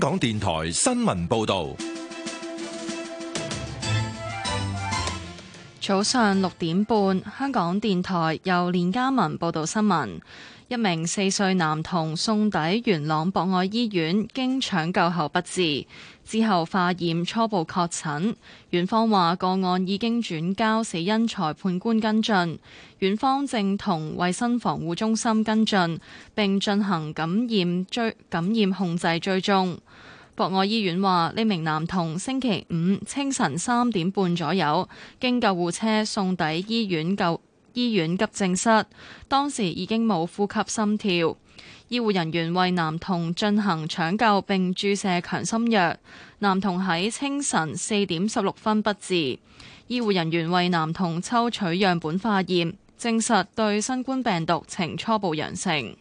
港電台新聞報道。早上六點半，香港電台由連家文報道新聞。一名四歲男童送抵元朗博愛醫院，經搶救後不治，之後化驗初步確診。院方話個案已經轉交死因裁判官跟進，院方正同衛生防護中心跟進，並進行感染追感染控制追蹤。博愛醫院話呢名男童星期五清晨三點半左右經救護車送抵醫院救。醫院急症室，當時已經冇呼吸心跳，醫護人員為男童進行搶救，並注射強心藥。男童喺清晨四點十六分不治。醫護人員為男童抽取樣本化驗，證實對新冠病毒呈初步陽性。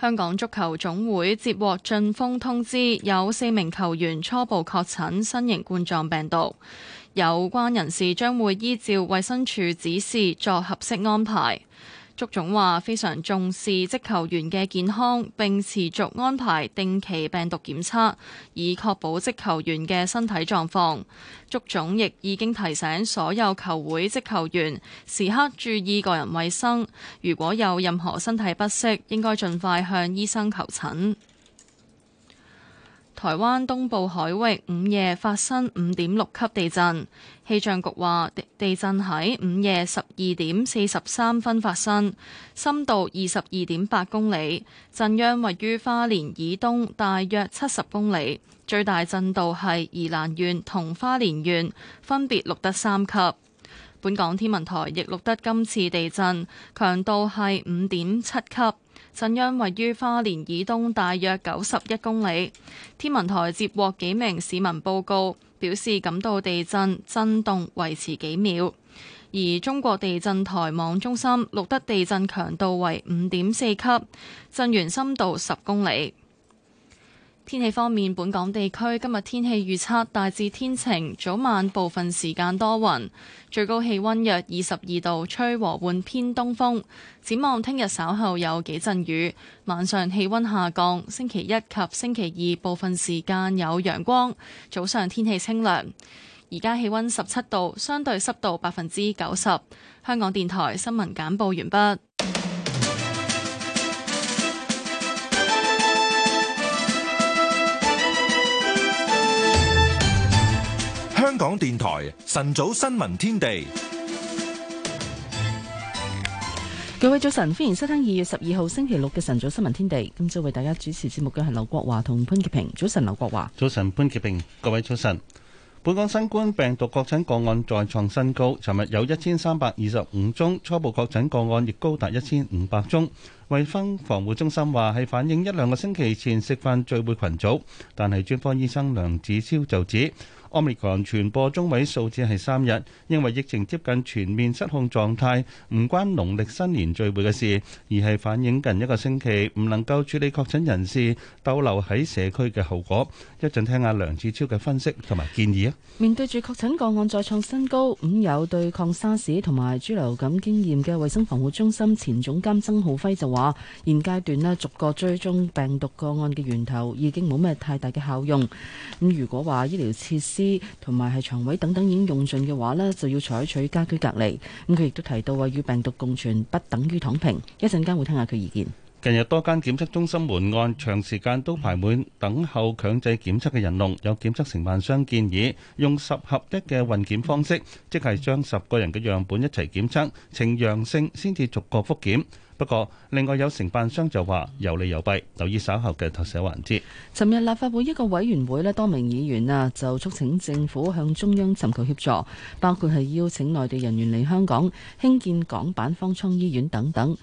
香港足球總會接獲晉峰通知，有四名球員初步確診新型冠狀病毒。有關人士將會依照衛生署指示作合適安排。足總話非常重視職球員嘅健康，並持續安排定期病毒檢測，以確保職球員嘅身體狀況。足總亦已經提醒所有球會職球員時刻注意個人衛生，如果有任何身體不適，應該盡快向醫生求診。台灣東部海域午夜發生五點六級地震，氣象局話地震喺午夜十二點四十三分發生，深度二十二點八公里，震央位於花蓮以東大約七十公里，最大震度係宜蘭縣同花蓮縣分別錄得三級。本港天文台亦錄得今次地震強度係五點七級。震央位於花蓮以東大約九十一公里，天文台接獲幾名市民報告，表示感到地震震動維持幾秒，而中國地震台網中心錄得地震強度為五點四級，震源深度十公里。天氣方面，本港地區今日天氣預測大致天晴，早晚部分時間多雲，最高氣溫約二十二度，吹和緩偏東風。展望聽日稍後有幾陣雨，晚上氣溫下降。星期一及星期二部分時間有陽光，早上天氣清涼。而家氣溫十七度，相對濕度百分之九十。香港電台新聞簡報完畢。港電台晨早新聞天地，各位早晨，歡迎收聽二月十二號星期六嘅晨早新聞天地。今朝為大家主持節目嘅係劉國華同潘潔平。早晨，劉國華，早晨，潘潔平，各位早晨。本港新冠病毒確診個案再創新高，尋日有一千三百二十五宗，初步確診個案亦高達一千五百宗。衛生防護中心話係反映一兩個星期前食飯聚會群組，但係專科醫生梁子超就指，Omicron 傳播中位數字係三日，認為疫情接近全面失控狀態，唔關農曆新年聚會嘅事，而係反映近一個星期唔能夠處理確診人士逗留喺社區嘅後果。一陣聽下梁志超嘅分析同埋建議啊！面對住確診個案再創新高，咁有對抗沙士同埋豬流感經驗嘅衞生防護中心前總監曾浩輝就話：現階段咧逐個追蹤病毒個案嘅源頭已經冇咩太大嘅效用。咁如果話醫療設施，同埋係床位等等已經用盡嘅話呢，就要採取家居隔離。咁佢亦都提到話，與病毒共存不等於躺平。一陣間會聽下佢意見。近日多間檢測中心門案長時間都排滿等候強制檢測嘅人龍，有檢測承辦商建議用十合一嘅混檢方式，即係將十個人嘅樣本一齊檢測，呈陽性先至逐個覆檢。不過，另外有承辦商就話有利有弊，留意稍後嘅特寫環節。尋日立法會一個委員會呢，多名議員啊就促請政府向中央尋求協助，包括係邀請內地人員嚟香港興建港版方艙醫院等等。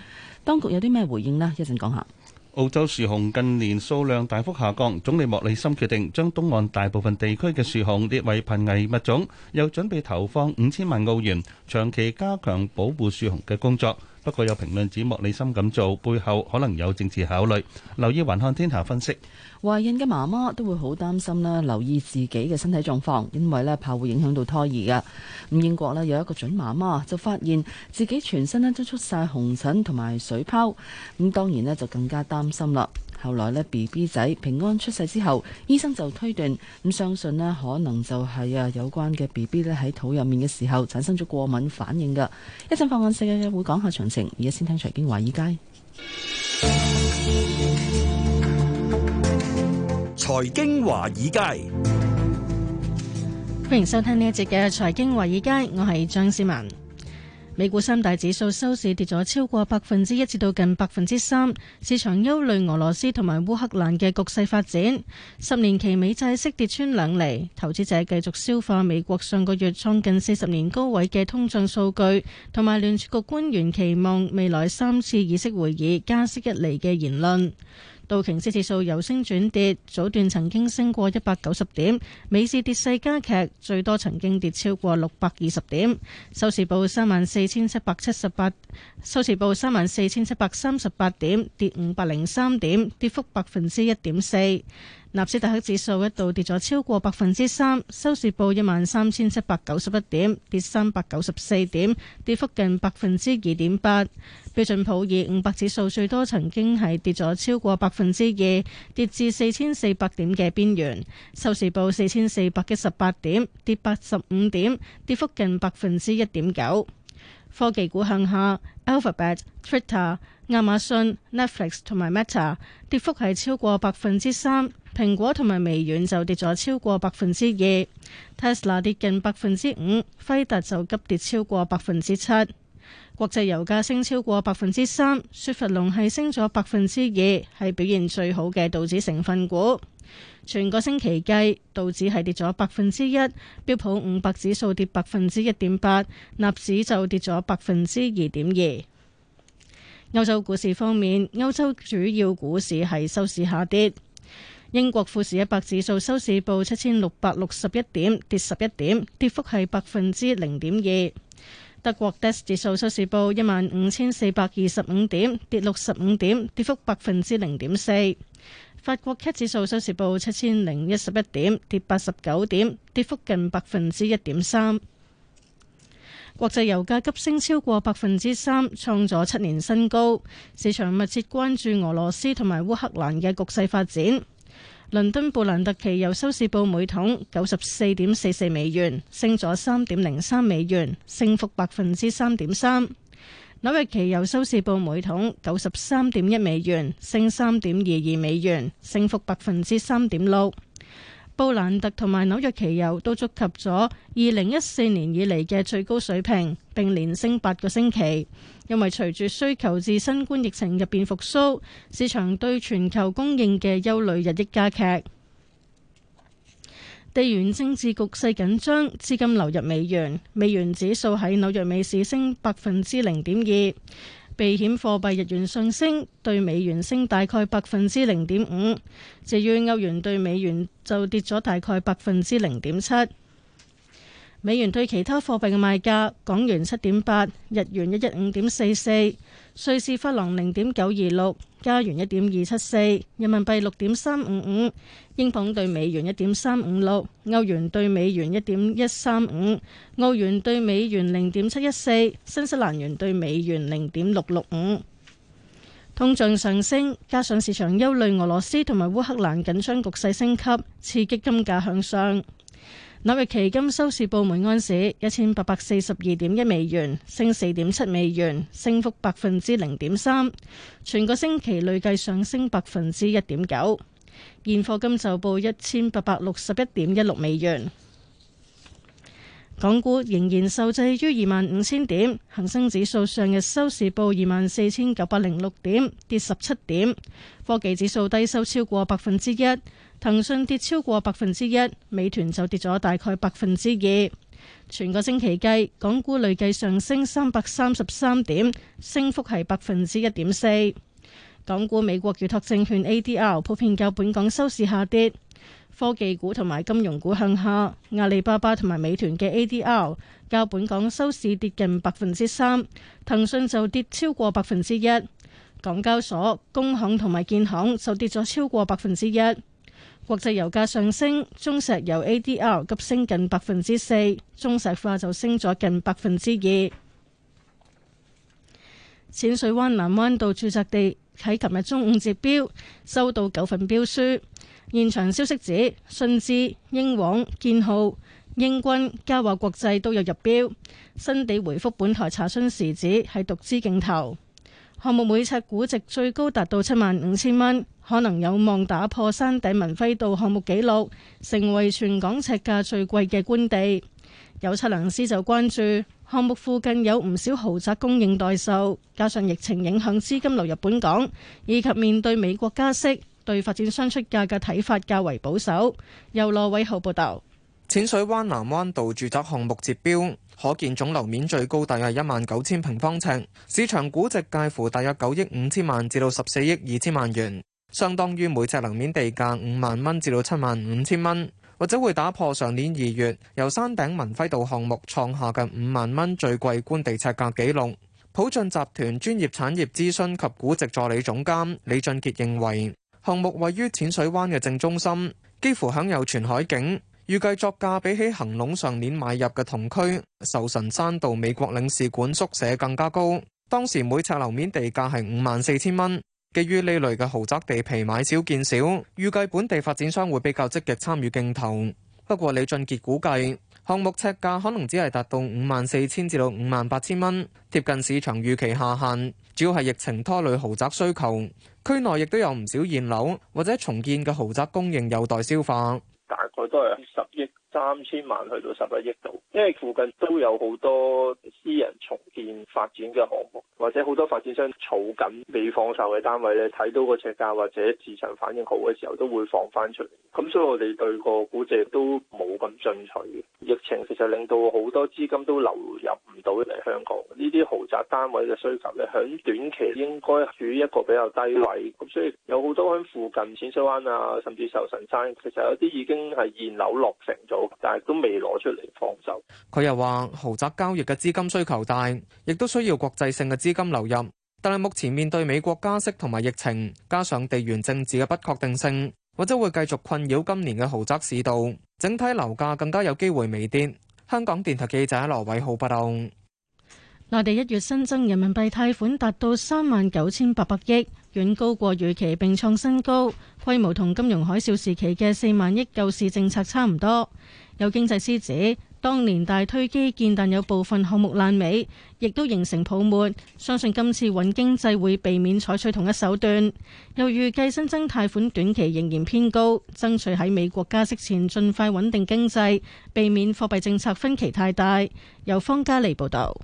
當局有啲咩回應呢？講一陣講下。澳洲樹熊近年數量大幅下降，總理莫里森決定將東岸大部分地區嘅樹熊列為瀕危物種，又準備投放五千萬澳元，長期加強保護樹熊嘅工作。不過有評論指莫里森咁做背後可能有政治考慮。留意環看天下分析。懷孕嘅媽媽都會好擔心啦，留意自己嘅身體狀況，因為咧怕會影響到胎兒嘅。咁英國咧有一個準媽媽就發現自己全身咧都出晒紅疹同埋水泡，咁當然咧就更加擔心啦。後來呢 B B 仔平安出世之後，醫生就推斷咁相信咧，可能就係啊有關嘅 B B 咧喺肚入面嘅時候產生咗過敏反應噶。一陣《放眼世界》會講下詳情，而家先聽財經華爾街。財經華爾街，歡迎收聽呢一節嘅《財經華爾街》，我係張思文。美股三大指數收市跌咗超過百分之一至到近百分之三，市場憂慮俄羅斯同埋烏克蘭嘅局勢發展。十年期美債息跌穿兩厘，投資者繼續消化美國上個月創近四十年高位嘅通脹數據，同埋聯儲局官員期望未來三次議息會議加息一厘嘅言論。道瓊斯指數由升轉跌，早段曾經升過一百九十點，美市跌勢加劇，最多曾經跌超過六百二十點。收市報三萬四千七百七十八，收市報三萬四千七百三十八點，跌五百零三點，跌幅百分之一點四。納斯達克指數一度跌咗超過百分之三，收市報一萬三千七百九十一點，跌三百九十四點，跌幅近百分之二點八。標準普爾五百指數最多曾經係跌咗超過百分之二，跌至四千四百點嘅邊緣，收市報四千四百一十八點，跌八十五點，跌幅近百分之一點九。科技股向下，Alphabet、Alphabet、Twitter。亞馬遜、Netflix 同埋 Meta 跌幅係超過百分之三，蘋果同埋微軟就跌咗超過百分之二，Tesla 跌近百分之五，輝達就急跌超過百分之七。國際油價升超過百分之三，雪佛龍係升咗百分之二，係表現最好嘅道指成分股。全個星期計，道指係跌咗百分之一，標普五百指數跌百分之一點八，納指就跌咗百分之二點二。歐洲股市方面，歐洲主要股市係收市下跌。英國富時一百指數收市報七千六百六十一點，跌十一點，跌幅係百分之零點二。德國 DAX 指數收市報一萬五千四百二十五點，跌六十五點，跌幅百分之零點四。法國 CAC 指數收市報七千零一十一點，跌八十九點，跌幅近百分之一點三。國際油價急升超過百分之三，創咗七年新高。市場密切關注俄羅斯同埋烏克蘭嘅局勢發展。倫敦布蘭特期油收市報每桶九十四點四四美元，升咗三點零三美元，升幅百分之三點三。紐約期油收市報每桶九十三點一美元，升三點二二美元，升幅百分之三點六。布蘭特同埋紐約期油都觸及咗二零一四年以嚟嘅最高水平，並連升八個星期。因為隨住需求自新冠疫情入邊復蘇，市場對全球供應嘅憂慮日益加劇。地緣政治局勢緊張，資金流入美元，美元指數喺紐約美市升百分之零點二。避險貨幣日元上升，對美元升大概百分之零點五，至於歐元對美元就跌咗大概百分之零點七。美元對其他貨幣嘅賣價：港元七點八，日元一一五點四四，瑞士法郎零點九二六，加元一點二七四，人民幣六點三五五，英鎊對美元一點三五六，歐元對美元一點一三五，澳元對美元零點七一四，新西蘭元對美元零點六六五。通脹上升，加上市場憂慮俄羅斯同埋烏克蘭緊張局勢升級，刺激金價向上。紐約期金收市報每安士一千八百四十二點一美元，升四點七美元，升幅百分之零點三。全個星期累計上升百分之一點九。現貨金就報一千八百六十一點一六美元。港股仍然受制於二萬五千點，恒生指數上日收市報二萬四千九百零六點，跌十七點。科技指數低收超過百分之一。騰訊跌超過百分之一，美團就跌咗大概百分之二。全個星期計，港股累計上升三百三十三點，升幅係百分之一點四。港股美國預託證券 A D R 普遍較本港收市下跌，科技股同埋金融股向下。阿里巴巴同埋美團嘅 A D R 較本港收市跌近百分之三，騰訊就跌超過百分之一。港交所、工行同埋建行就跌咗超過百分之一。國際油價上升，中石油 ADR 急升近百分之四，中石化就升咗近百分之二。淺水灣南灣道住宅地喺琴日中午接標，收到九份標書。現場消息指，信資、英皇、建浩、英軍、嘉華國際都有入標。新地回覆本台查詢時指，係獨資競投，項目每尺估值最高達到七萬五千蚊。可能有望打破山頂文輝道項目紀錄，成為全港尺價最貴嘅官地。有測量師就關注項目附近有唔少豪宅供應待售，加上疫情影響資金流入本港，以及面對美國加息，對發展商出價嘅睇法較為保守。由羅偉浩報道，淺水灣南灣道住宅項目截標，可見總樓面最高大約一萬九千平方尺，市場估值介乎大約九億五千萬至到十四億二千萬元。相當於每尺樓面地價五萬蚊至到七萬五千蚊，或者會打破上年二月由山頂文輝道項目創下嘅五萬蚊最貴官地尺價紀錄。普進集團專業產業諮詢及估值助理總監李俊傑認為，項目位於淺水灣嘅正中心，幾乎享有全海景，預計作價比起恒隆上年買入嘅同區壽神山道美國領事館宿舍更加高，當時每尺樓面地價係五萬四千蚊。基於呢類嘅豪宅地皮買少見少，預計本地發展商會比較積極參與競投。不過李俊傑估計，項目尺價可能只係達到五萬四千至到五萬八千蚊，貼近市場預期下限。主要係疫情拖累豪宅需求，區內亦都有唔少現樓或者重建嘅豪宅供應有待消化，大概都係十億。三千萬去到十一億度，因為附近都有好多私人重建發展嘅項目，或者好多發展商儲緊未放售嘅單位咧，睇到個尺價或者市場反應好嘅時候，都會放翻出嚟。咁所以我哋對個估值都冇咁進取嘅。疫情其實令到好多資金都流入唔到嚟香港，呢啲豪宅單位嘅需求咧，響短期應該處於一個比較低位。咁所以有好多喺附近淺水灣啊，甚至壽臣山，其實有啲已經係現樓落成咗。但係都未攞出嚟，放手。佢又話豪宅交易嘅資金需求大，亦都需要國際性嘅資金流入。但係目前面對美國加息同埋疫情，加上地緣政治嘅不確定性，或者會繼續困擾今年嘅豪宅市道，整體樓價更加有機會微跌。香港電台記者羅偉浩報道。內地一月新增人民幣貸款達到三萬九千八百億，遠高過預期，並創新高，規模同金融海嘯時期嘅四萬億救市政策差唔多。有經濟師指，當年大推基建，但有部分項目爛尾，亦都形成泡沫。相信今次穩經濟會避免採取同一手段。又預計新增貸款短期仍然偏高，爭取喺美國加息前盡快穩定經濟，避免貨幣政策分歧太大。由方嘉利報道。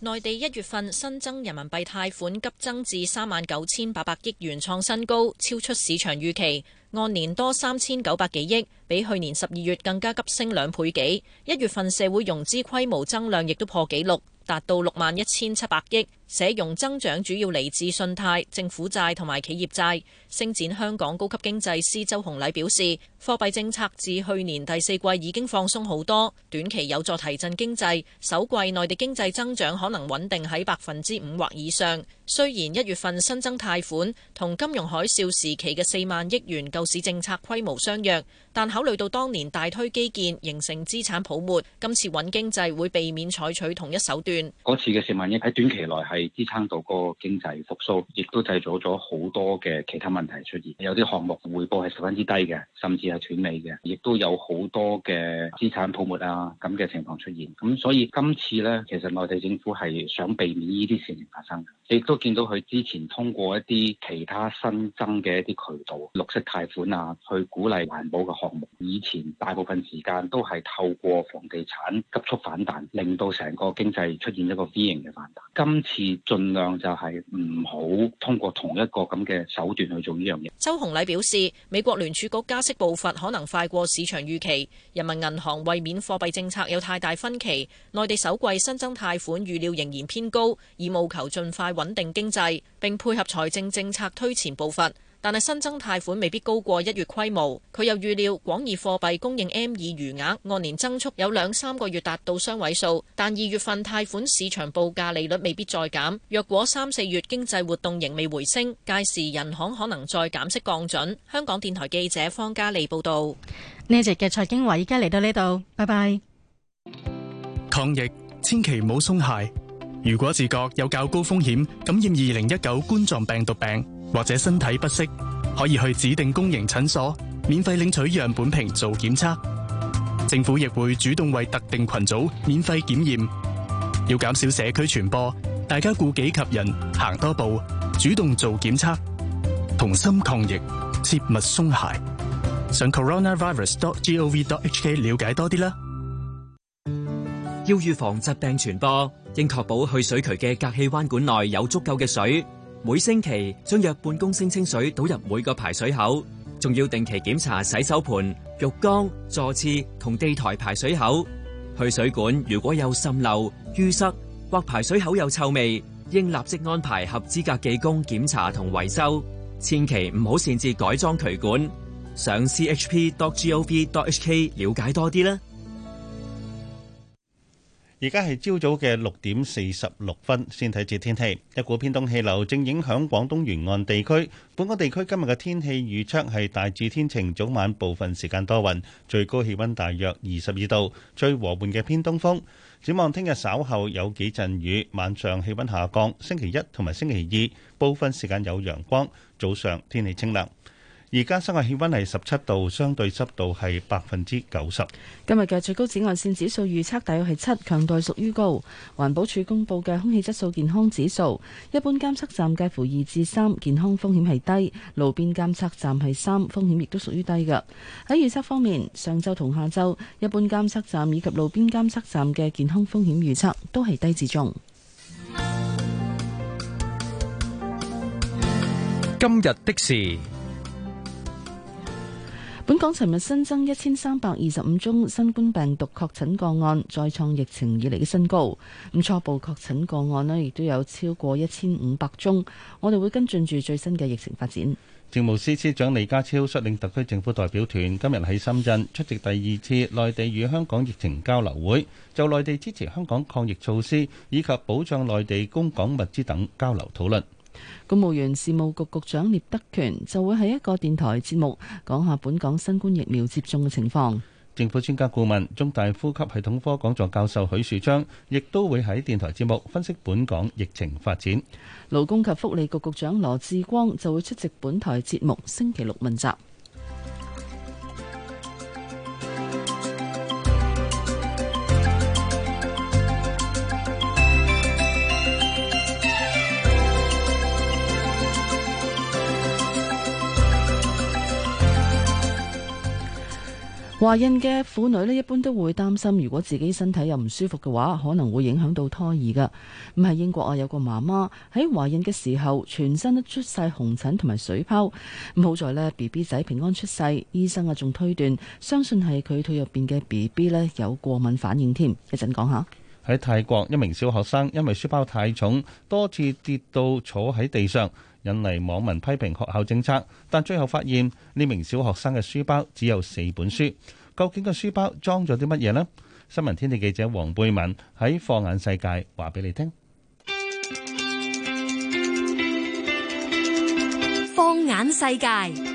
內地一月份新增人民幣貸款急增至三萬九千八百億元，創新高，超出市場預期，按年多三千九百幾億，比去年十二月更加急升兩倍幾。一月份社會融資規模增量亦都破紀錄，達到六萬一千七百億。社融增長主要嚟自信貸、政府債同埋企業債。星展香港高級經濟師周紅禮表示，貨幣政策自去年第四季已經放鬆好多，短期有助提振經濟。首季內地經濟增長可能穩定喺百分之五或以上。雖然一月份新增貸款同金融海嘯時期嘅四萬億元救市政策規模相若，但考慮到當年大推基建，形成資產泡沫，今次穩經濟會避免採取同一手段。嗰次嘅四萬億喺短期內係支撐到個經濟復甦，亦都製造咗好多嘅其他問題出現。有啲項目回報係十分之低嘅，甚至係斷尾嘅，亦都有好多嘅資產泡沫啊咁嘅情況出現。咁所以今次呢，其實內地政府係想避免呢啲事情發生。亦都見到佢之前通過一啲其他新增嘅一啲渠道，綠色貸款啊，去鼓勵環保嘅項目。以前大部分時間都係透過房地產急速反彈，令到成個經濟出現一個 V 型嘅反彈。今次，盡量就係唔好通過同一個咁嘅手段去做呢樣嘢。周宏禮表示，美國聯儲局加息步伐可能快過市場預期，人民銀行為免貨幣政策有太大分歧，內地首季新增貸款預料仍然偏高，而務求盡快穩定經濟，並配合財政政策推前步伐。但係新增貸款未必高過一月規模，佢又預料廣義貨幣供應 M 二餘額按年增速有兩三個月達到雙位數，但二月份貸款市場報價利率未必再減。若果三四月經濟活動仍未回升，屆時人行可能再減息降準。香港電台記者方嘉莉報道。呢集嘅財經話，而家嚟到呢度，拜拜。抗疫千祈唔好鬆懈，如果自覺有較高風險感染二零一九冠狀病毒病，或者身體不適，可以去指定公營診所免費領取樣本瓶做檢測。政府亦會主動為特定群組免費檢驗。要減少社區傳播，大家顧己及人，行多步，主動做檢測，同心抗疫，切勿鬆懈。上 coronavirus.gov.hk 了解多啲啦。要預防疾病傳播，應確保去水渠嘅隔氣彎管內有足夠嘅水。每星期將約半公升清水倒入每個排水口，仲要定期檢查洗手盆、浴缸、坐廁同地台排水口。去水管如果有滲漏、淤塞或排水口有臭味，應立即安排合資格技工檢查同維修。千祈唔好擅自改裝渠管。上 chp.gov.hk 了解多啲啦。而家係朝早嘅六點四十六分，先睇次天氣。一股偏東氣流正影響廣東沿岸地區。本港地區今日嘅天氣預測係大致天晴，早晚部分時間多雲，最高氣溫大約二十二度，最和緩嘅偏東風。展望聽日稍後有幾陣雨，晚上氣溫下降。星期一同埋星期二部分時間有陽光，早上天氣清涼。而家室外氣溫係十七度，相對濕度係百分之九十。今日嘅最高紫外線指數預測大約係七，強度屬於高。環保署公布嘅空氣質素健康指數，一般監測站介乎二至三，健康風險係低；路邊監測站係三，風險亦都屬於低嘅。喺預測方面，上晝同下晝一般監測站以及路邊監測站嘅健康風險預測都係低至中。今日的事。香港尋日新增一千三百二十五宗新冠病毒確診個案，再創疫情以嚟嘅新高。咁初步確診個案呢亦都有超過一千五百宗。我哋會跟進住最新嘅疫情發展。政務司司長李家超率領特區政府代表團今日喺深圳出席第二次內地與香港疫情交流會，就內地支持香港抗疫措施以及保障內地供港物資等交流討論。公務員事務局局長聶德權就會喺一個電台節目講下本港新冠疫苗接種嘅情況。政府專家顧問、中大呼吸系統科講座教授許樹昌亦都會喺電台節目分析本港疫情發展。勞工及福利局局長羅致光就會出席本台節目星期六問責。懷孕嘅婦女咧，一般都會擔心，如果自己身體又唔舒服嘅話，可能會影響到胎兒噶。咁喺英國啊，有個媽媽喺懷孕嘅時候，全身都出晒紅疹同埋水泡，咁好在呢 BB 仔平安出世，醫生啊仲推斷，相信係佢肚入邊嘅 BB 咧有過敏反應添。一陣講下。喺泰國，一名小學生因為書包太重，多次跌到坐喺地上。引嚟網民批評學校政策，但最後發現呢名小學生嘅書包只有四本書，究竟個書包裝咗啲乜嘢呢？新聞天地記者黃貝敏喺放眼世界話俾你聽。放眼世界，世界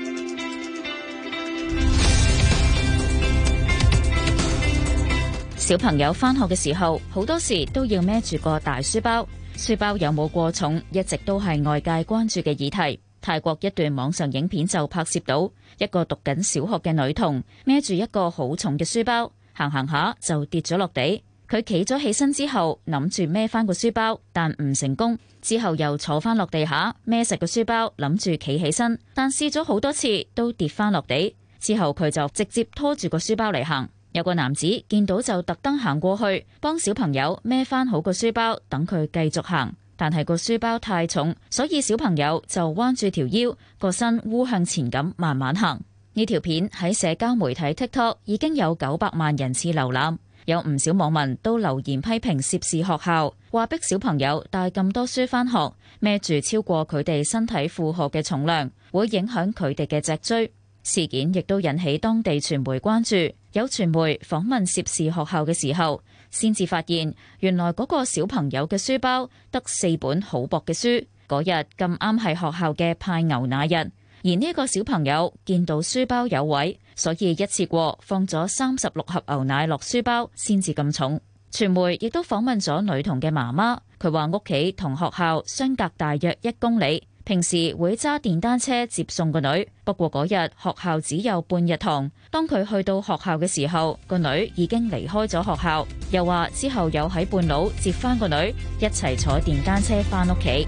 小朋友翻學嘅時候，好多時都要孭住個大書包。書包有冇過重一直都係外界關注嘅議題。泰國一段網上影片就拍攝到一個讀緊小學嘅女童孭住一個好重嘅書包，行行下就跌咗落地。佢企咗起身之後諗住孭翻個書包，但唔成功。之後又坐翻落地下孭實個書包，諗住企起身，但試咗好多次都跌翻落地。之後佢就直接拖住個書包嚟行。有個男子見到就特登行過去幫小朋友孭翻好個書包，等佢繼續行。但係個書包太重，所以小朋友就彎住條腰，個身烏向前咁慢慢行。呢條片喺社交媒體 TikTok 已經有九百萬人次瀏覽，有唔少網民都留言批評涉事學校，話逼小朋友帶咁多書返學孭住，超過佢哋身體負荷嘅重量，會影響佢哋嘅脊椎。事件亦都引起當地傳媒關注。有傳媒訪問涉事學校嘅時候，先至發現原來嗰個小朋友嘅書包得四本好薄嘅書。嗰日咁啱係學校嘅派牛奶日，而呢個小朋友見到書包有位，所以一次過放咗三十六盒牛奶落書包，先至咁重。傳媒亦都訪問咗女童嘅媽媽，佢話屋企同學校相隔大約一公里。平時會揸電單車接送個女，不過嗰日學校只有半日堂。當佢去到學校嘅時候，個女已經離開咗學校。又話之後有喺半路接翻個女，一齊坐電單車翻屋企。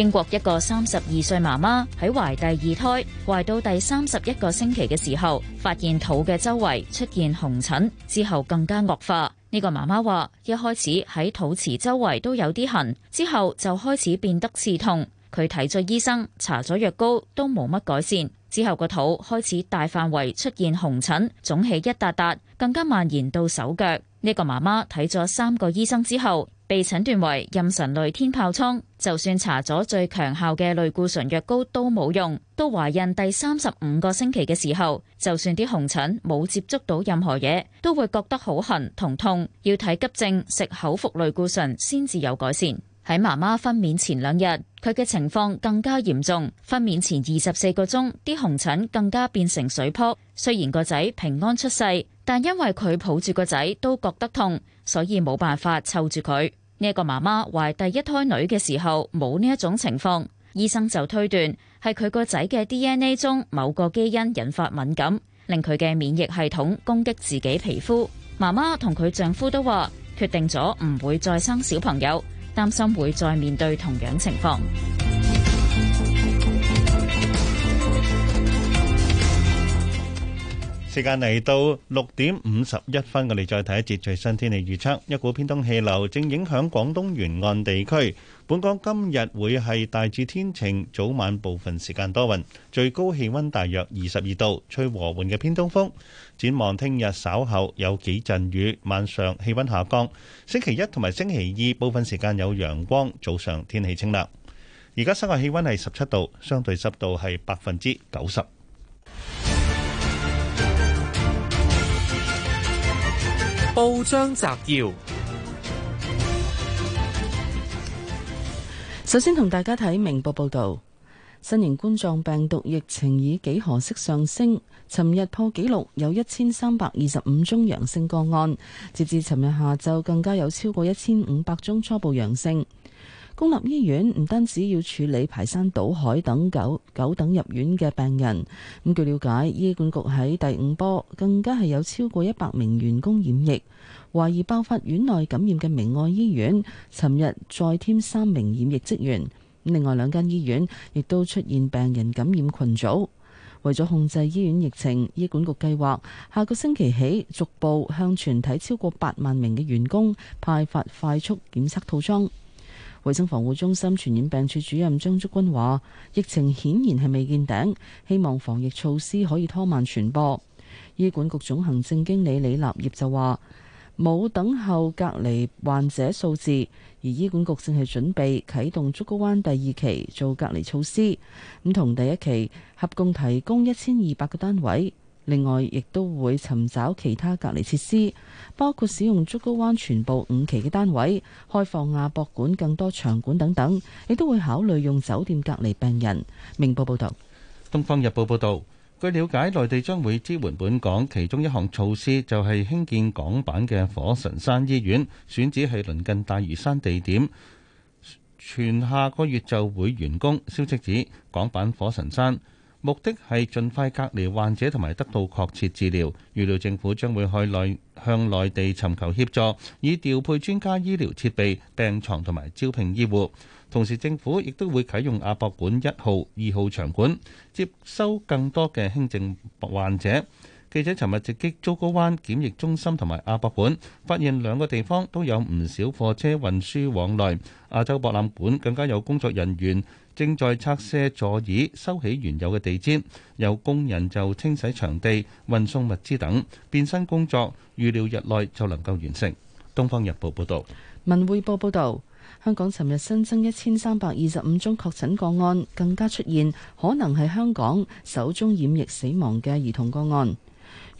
英國一個三十二歲媽媽喺懷第二胎，懷到第三十一個星期嘅時候，發現肚嘅周圍出現紅疹，之後更加惡化。呢個媽媽話，一開始喺肚臍周圍都有啲痕，之後就開始變得刺痛。佢睇咗醫生，搽咗藥膏都冇乜改善。之後個肚開始大範圍出現紅疹，腫起一笪笪，更加蔓延到手腳。呢個媽媽睇咗三個醫生之後，被診斷為妊娠類天皰瘡，就算搽咗最強效嘅類固醇藥膏都冇用。到懷孕第三十五個星期嘅時候，就算啲紅疹冇接觸到任何嘢，都會覺得好痕同痛，要睇急症，食口服類固醇先至有改善。喺媽媽分娩前兩日，佢嘅情況更加嚴重。分娩前二十四個鐘，啲紅疹更加變成水泡。雖然個仔平安出世，但因為佢抱住個仔都覺得痛，所以冇辦法湊住佢。呢個媽媽懷第一胎女嘅時候冇呢一種情況，醫生就推斷係佢個仔嘅 DNA 中某個基因引發敏感，令佢嘅免疫系統攻擊自己皮膚。媽媽同佢丈夫都話決定咗唔會再生小朋友，擔心會再面對同樣情況。時間嚟到六點五十一分，我哋再睇一節最新天氣預測。一股偏東氣流正影響廣東沿岸地區。本港今日會係大致天晴，早晚部分時間多雲，最高氣溫大約二十二度，吹和緩嘅偏東風。展望聽日稍後有幾陣雨，晚上氣溫下降。星期一同埋星期二部分時間有陽光，早上天氣清涼。而家室外氣溫係十七度，相對濕度係百分之九十。報章摘要，首先同大家睇明報報道，新型冠狀病毒疫情以幾何式上升，尋日破紀錄有一千三百二十五宗陽性個案，截至尋日下晝更加有超過一千五百宗初步陽性。公立醫院唔單止要處理排山倒海等九九等入院嘅病人。咁據了解，醫管局喺第五波更加係有超過一百名員工染疫，懷疑爆發院內感染嘅明愛醫院，尋日再添三名染疫職員。另外兩間醫院亦都出現病人感染群組。為咗控制醫院疫情，醫管局計劃下個星期起逐步向全體超過八萬名嘅員工派發快速檢測套裝。衛生防護中心傳染病處主任張竹君話，疫情顯然係未見頂，希望防疫措施可以拖慢傳播。醫管局總行政經理李立業就話，冇等候隔離患者數字，而醫管局正係準備啟動竹篙灣第二期做隔離措施，咁同第一期合共提供一千二百個單位。另外，亦都會尋找其他隔離設施，包括使用竹篙灣全部五期嘅單位，開放亞博館更多場館等等，亦都會考慮用酒店隔離病人。明報報道。《東方日報》報道，據了解，內地將會支援本港，其中一項措施就係興建港版嘅火神山醫院，選址係鄰近大嶼山地點，全下個月就會完工。消息指，港版火神山。目的係盡快隔離患者同埋得到確切治療。預料政府將會向內向內地尋求協助，以調配專家、醫療設備、病牀同埋招聘醫護。同時，政府亦都會啟用亞博館一號、二號場館，接收更多嘅輕症患者。記者尋日直擊竹篙灣檢疫中心同埋亞博館，發現兩個地方都有唔少貨車運輸往來。亞洲博覽館更加有工作人員。正在拆卸座椅、收起原有嘅地氈，有工人就清洗場地、運送物資等，變身工作，預料日內就能夠完成。東方日報報道，文匯報報道，香港尋日新增一千三百二十五宗確診個案，更加出現可能係香港首宗染疫死亡嘅兒童個案。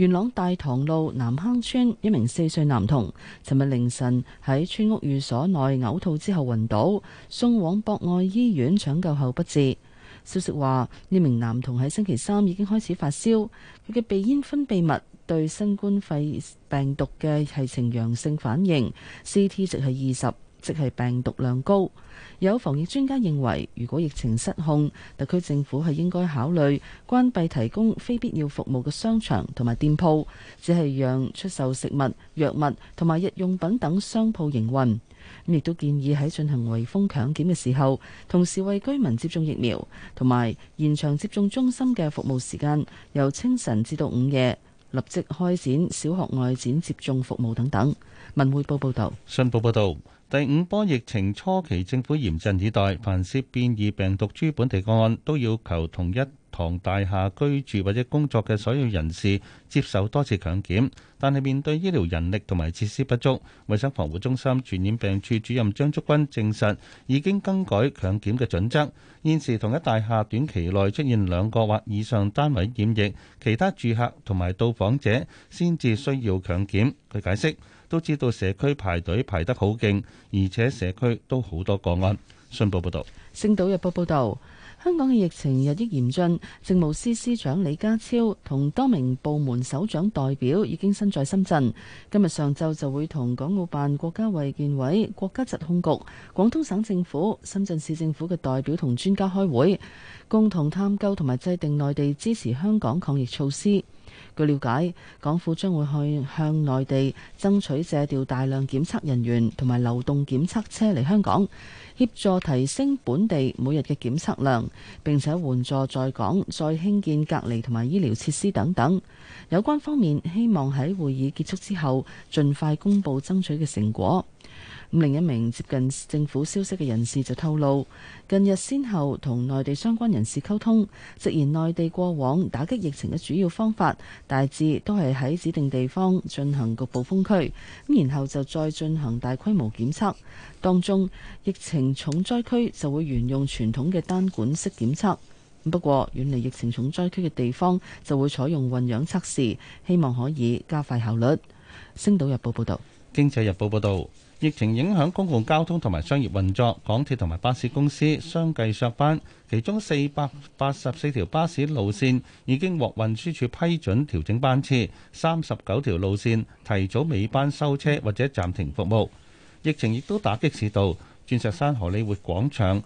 元朗大棠路南坑村一名四歲男童，尋日凌晨喺村屋寓所內嘔吐之後暈倒，送往博愛醫院搶救後不治。消息話，呢名男童喺星期三已經開始發燒，佢嘅鼻咽分泌物對新冠肺炎病毒嘅係呈陽性反應，CT 值係二十。即係病毒量高，有防疫專家認為，如果疫情失控，特區政府係應該考慮關閉提供非必要服務嘅商場同埋店鋪，只係讓出售食物、藥物同埋日用品等商鋪營運。亦都建議喺進行圍封強檢嘅時候，同時為居民接種疫苗，同埋延長接種中心嘅服務時間，由清晨至到午夜，立即開展小學外展接種服務等等。文匯報報道。新報報導。第五波疫情初期，政府嚴陣以待，凡涉變異病毒株本地個案，都要求同一堂大廈居住或者工作嘅所有人士接受多次強檢。但係面對醫療人力同埋設施不足，衛生防護中心傳染病處主任張竹君證實已經更改強檢嘅準則，現時同一大廈短期內出現兩個或以上單位染疫，其他住客同埋到訪者先至需要強檢。佢解釋。都知道社區排隊排得好勁，而且社區都好多個案。信報報道，《星島日報》報道，香港嘅疫情日益嚴峻。政務司司長李家超同多名部門首長代表已經身在深圳，今日上晝就會同港澳辦、國家衛健委、國家疾控局、廣東省政府、深圳市政府嘅代表同專家開會，共同探究同埋制定內地支持香港抗疫措施。據了解，港府將會去向內地爭取借調大量檢測人員同埋流動檢測車嚟香港，協助提升本地每日嘅檢測量，並且援助在港再興建隔離同埋醫療設施等等。有關方面希望喺會議結束之後，盡快公佈爭取嘅成果。另一名接近政府消息嘅人士就透露，近日先後同內地相關人士溝通，直言內地過往打擊疫情嘅主要方法大致都係喺指定地方進行局部封區，咁然後就再進行大規模檢測，當中疫情重災區就會沿用傳統嘅單管式檢測，不過遠離疫情重災區嘅地方就會採用混樣測試，希望可以加快效率。《星島日報》報道，《經濟日報》報道。疫情影響公共交通同埋商業運作，港鐵同埋巴士公司相繼削班，其中四百八十四條巴士路線已經獲運輸署批准調整班次，三十九條路線提早尾班收車或者暫停服務。疫情亦都打擊市道，鑽石山荷里活廣場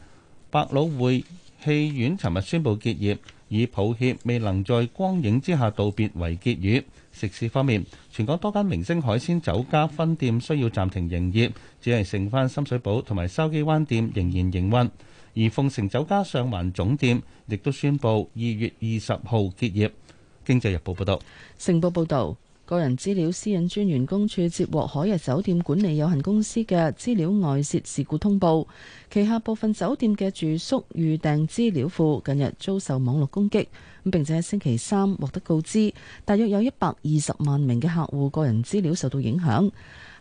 百老匯戲院尋日宣布結業，以抱歉未能在光影之下道別為結語。食肆方面，全港多間明星海鮮酒家分店需要暫停營業，只係剩翻深水埗同埋筲箕灣店仍然營運，而鳳城酒家上環總店亦都宣布二月二十號結業。經濟日報報道。晴報報導。個人資料私隱專員公署接獲海逸酒店管理有限公司嘅資料外泄事故通報，旗下部分酒店嘅住宿預訂資料庫近日遭受網絡攻擊，咁並且喺星期三獲得告知，大約有一百二十萬名嘅客戶個人資料受到影響。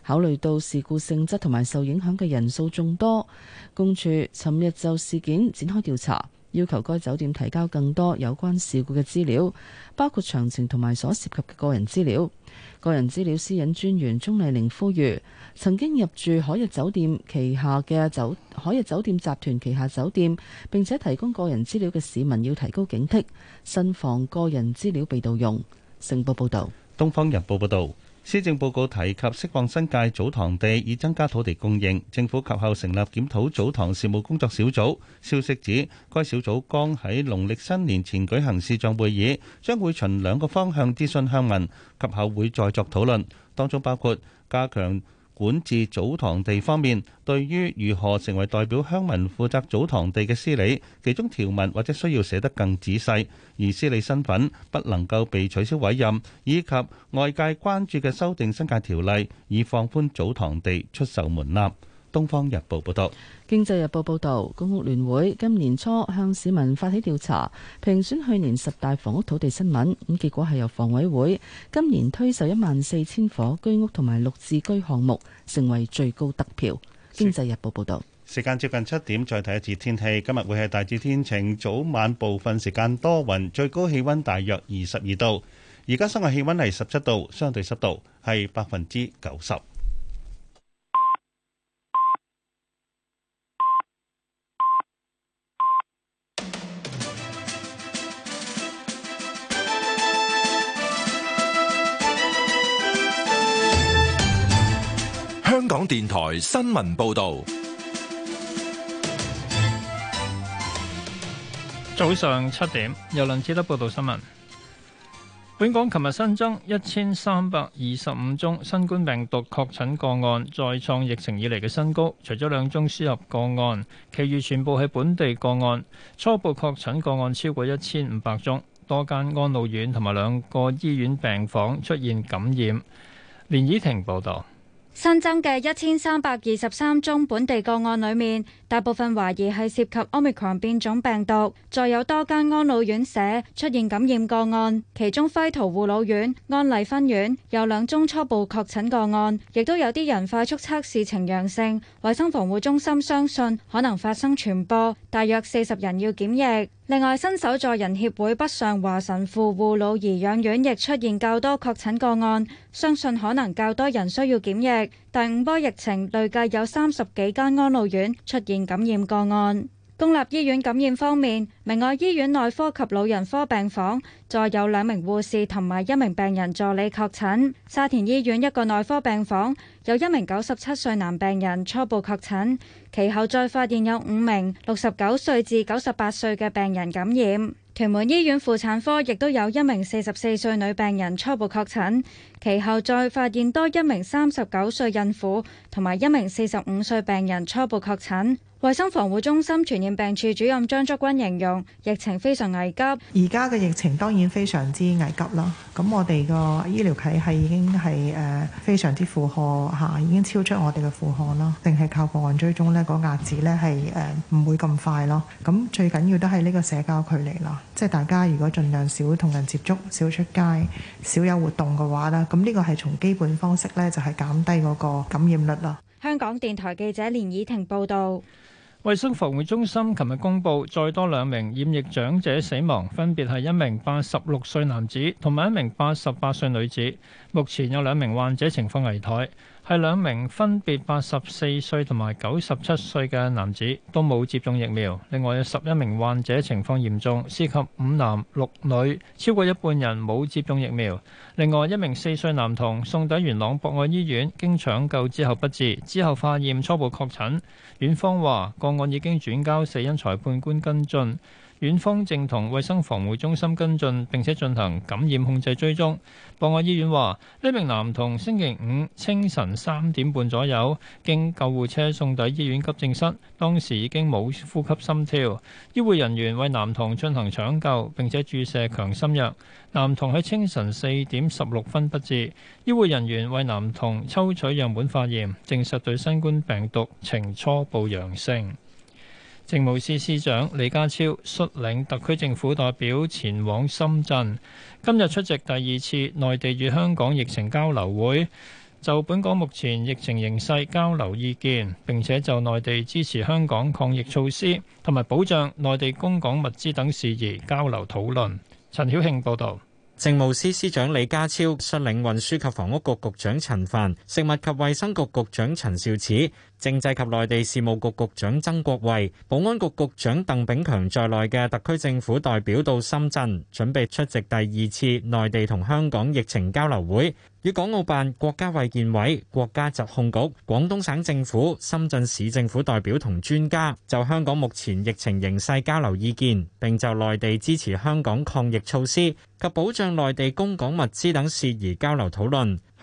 考慮到事故性質同埋受影響嘅人數眾多，公署尋日就事件展開調查。要求該酒店提交更多有關事故嘅資料，包括詳情同埋所涉及嘅個人資料。個人資料私隱專員鍾麗玲呼籲，曾經入住海逸酒店旗下嘅酒海逸酒店集團旗下酒店並且提供個人資料嘅市民要提高警惕，慎防個人資料被盜用。成報報道。東方日報報道。施政報告提及釋放新界祖堂地以增加土地供應，政府及後成立檢討祖堂事務工作小組。消息指，該小組剛喺農曆新年前舉行視像會議，將會循兩個方向諮詢鄉民，及後會再作討論，當中包括加強管治祖堂地方面，對於如何成為代表鄉民負責祖堂地嘅司理，其中條文或者需要寫得更仔細，而司理身份不能夠被取消委任，以及外界關注嘅修訂新界條例，以放寬祖堂地出售門檻。《東方日報》報導，《經濟日報》報導，公屋聯會今年初向市民發起調查，評選去年十大房屋土地新聞，結果係由房委會今年推售一萬四千伙居屋同埋綠置居項目成為最高得票。《經濟日報》報導。時間接近七點，再睇一次天氣。今日會係大致天晴，早晚部分時間多雲，最高氣温大約二十二度。而家室外氣温係十七度，相對濕度係百分之九十。香港電台新聞報道，早上七點，由梁志德報道新聞。本港琴日新增一千三百二十五宗新冠病毒確診個案，再創疫情以嚟嘅新高。除咗兩宗輸入個案，其餘全部係本地個案。初步確診個案超過一千五百宗，多間安老院同埋兩個醫院病房出現感染。連綺婷報道。新增嘅一千三百二十三宗本地個案裏面，大部分懷疑係涉及 omicron 變種病毒，再有多間安老院舍出現感染個案，其中輝圖護老院、安麗分院有兩宗初步確診個案，亦都有啲人快速測試呈陽性。衛生防護中心相信可能發生傳播，大約四十人要檢疫。另外，新手助人協會北上華神父護老兒養院亦出現較多確診個案，相信可能較多人需要檢疫。第五波疫情累計有三十幾間安老院出現感染個案。公立醫院感染方面，明愛醫院內科及老人科病房再有兩名護士同埋一名病人助理確診；沙田醫院一個內科病房有一名九十七歲男病人初步確診，其後再發現有五名六十九歲至九十八歲嘅病人感染。屯門醫院婦產科亦都有一名四十四歲女病人初步確診。其後再發現多一名三十九歲孕婦同埋一名四十五歲病人初步確診。衞生防護中心傳染病處主任張竹君形容疫情非常危急。而家嘅疫情當然非常之危急啦。咁我哋個醫療體系已經係誒非常之負荷嚇，已經超出我哋嘅負荷啦。淨係靠個案追蹤呢個壓制呢？係誒唔會咁快咯。咁最緊要都係呢個社交距離啦，即係大家如果盡量少同人接觸、少出街、少有活動嘅話咧。咁呢個係從基本方式咧，就係減低嗰個感染率啦。香港電台記者連綺婷報道，衛生防護中心琴日公布再多兩名染疫長者死亡，分別係一名八十六歲男子同埋一名八十八歲女子。目前有兩名患者情況危殆。係兩名分別八十四歲同埋九十七歲嘅男子，都冇接種疫苗，另外有十一名患者情況嚴重，涉及五男六女，超過一半人冇接種疫苗。另外一名四歲男童送抵元朗博愛醫院，經搶救之後不治，之後化驗初步確診，院方話個案已經轉交死因裁判官跟進。院方正同衛生防護中心跟進，並且進行感染控制追蹤。博愛醫院話：呢名男童星期五清晨三點半左右，經救護車送抵醫院急症室，當時已經冇呼吸心跳。醫護人員為男童進行搶救，並且注射強心藥。男童喺清晨四點十六分不治。醫護人員為男童抽取樣本化驗，證實對新冠病毒呈初步陽性。政務司司長李家超率領特區政府代表前往深圳，今日出席第二次內地與香港疫情交流會，就本港目前疫情形勢交流意見，並且就內地支持香港抗疫措施同埋保障內地供港物資等事宜交流討論。陳曉慶報導，政務司司長李家超率領運輸及房屋局局長陳帆、食物及衛生局局長陳肇始。政制及內地事務局局長曾國衛、保安局局長鄧炳強在內嘅特區政府代表到深圳準備出席第二次內地同香港疫情交流會，與港澳辦國家衛健委、國家疾控局、廣東省政府、深圳市政府代表同專家就香港目前疫情形勢交流意見，並就內地支持香港抗疫措施及保障內地供港物資等事宜交流討論。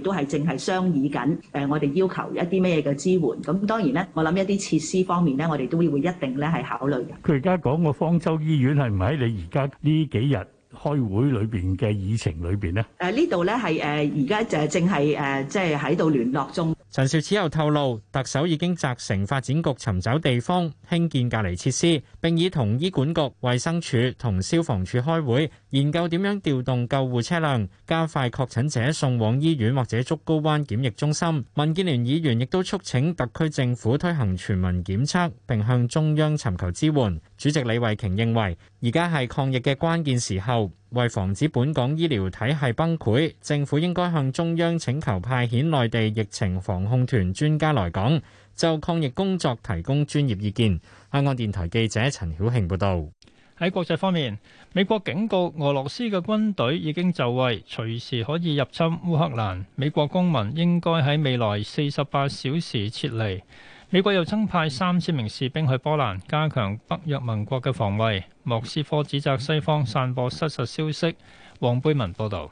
都係淨係商議緊，誒、呃，我哋要求一啲咩嘅支援，咁當然咧，我諗一啲設施方面咧，我哋都會一定咧係考慮嘅。佢而家講個方舟醫院係唔係喺你而家呢幾日？開會裏邊嘅議程裏邊咧，誒，呢度咧係誒，而家就係正係誒，即係喺度聯絡中。陳肇始又透露，特首已經責成發展局尋找地方興建隔離設施，並已同醫管局、衛生署同消防處開會，研究點樣調動救護車輛，加快確診者送往醫院或者竹篙灣檢疫中心。民建聯議員亦都促請特區政府推行全民檢測，並向中央尋求支援。主席李慧瓊認為，而家係抗疫嘅關鍵時候，為防止本港醫療體系崩潰，政府應該向中央請求派遣內地疫情防控團專家來港，就抗疫工作提供專業意見。香港電台記者陳曉慶報導。喺國際方面，美國警告俄羅斯嘅軍隊已經就位，隨時可以入侵烏克蘭。美國公民應該喺未來四十八小時撤離。美國又增派三千名士兵去波蘭，加強北約盟國嘅防衛。莫斯科指責西方散播失實消息。黃貝文報道，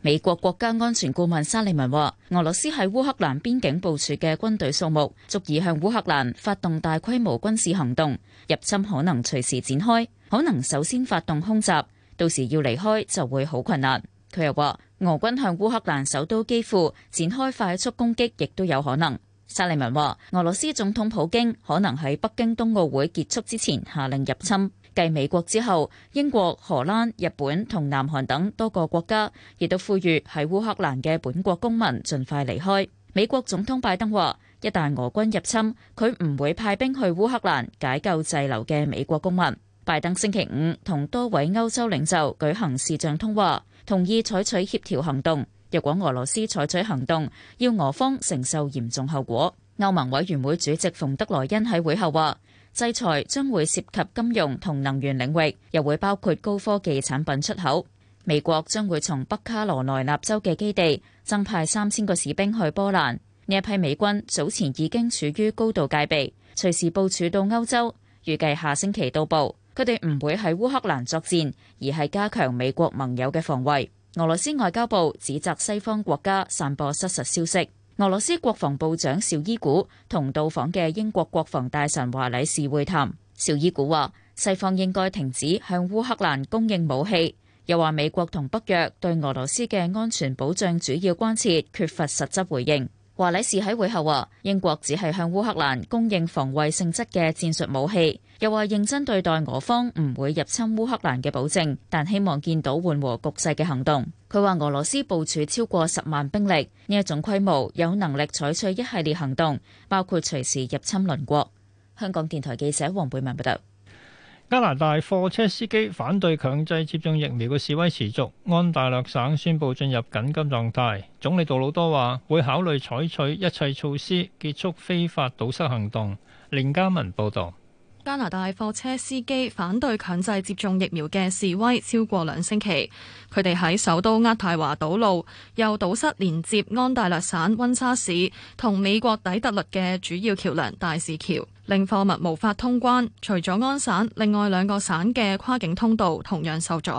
美國國家安全顧問沙利文話，俄羅斯喺烏克蘭邊境部署嘅軍隊數目足以向烏克蘭發動大規模軍事行動，入侵可能隨時展開，可能首先發動空襲，到時要離開就會好困難。佢又話，俄軍向烏克蘭首都基輔展開快速攻擊，亦都有可能。沙利文話：俄羅斯總統普京可能喺北京冬奧會結束之前下令入侵。繼美國之後，英國、荷蘭、日本同南韓等多個國家亦都呼籲喺烏克蘭嘅本國公民盡快離開。美國總統拜登話：一旦俄軍入侵，佢唔會派兵去烏克蘭解救滯留嘅美國公民。拜登星期五同多位歐洲領袖舉行視像通話，同意採取協調行動。若果俄羅斯採取行動，要俄方承受嚴重後果。歐盟委員會主席馮德萊恩喺會後話，制裁將會涉及金融同能源領域，又會包括高科技產品出口。美國將會從北卡羅來納州嘅基地增派三千個士兵去波蘭。呢一批美軍早前已經處於高度戒備，隨時部署到歐洲，預計下星期到步。佢哋唔會喺烏克蘭作戰，而係加強美國盟友嘅防衞。俄羅斯外交部指責西方國家散播失實消息。俄羅斯國防部長紹伊古同到訪嘅英國國防大臣華禮士會談。紹伊古話：西方應該停止向烏克蘭供應武器，又話美國同北約對俄羅斯嘅安全保障主要關切缺乏實質回應。華禮士喺會後話：英國只係向烏克蘭供應防衛性質嘅戰術武器，又話認真對待俄方唔會入侵烏克蘭嘅保證，但希望見到緩和局勢嘅行動。佢話俄羅斯部署超過十萬兵力，呢一種規模有能力採取一系列行動，包括隨時入侵鄰國。香港電台記者黃貝文報道。加拿大貨車司機反對強制接種疫苗嘅示威持續，安大略省宣布進入緊急狀態。總理杜魯多話會考慮採取一切措施結束非法堵塞行動。林嘉文報導。加拿大貨車司機反對強制接種疫苗嘅示威超過兩星期，佢哋喺首都渥太華堵路，又堵塞連接安大略省溫莎市同美國底特律嘅主要橋梁大使橋，令貨物無法通關。除咗安省，另外兩個省嘅跨境通道同樣受阻。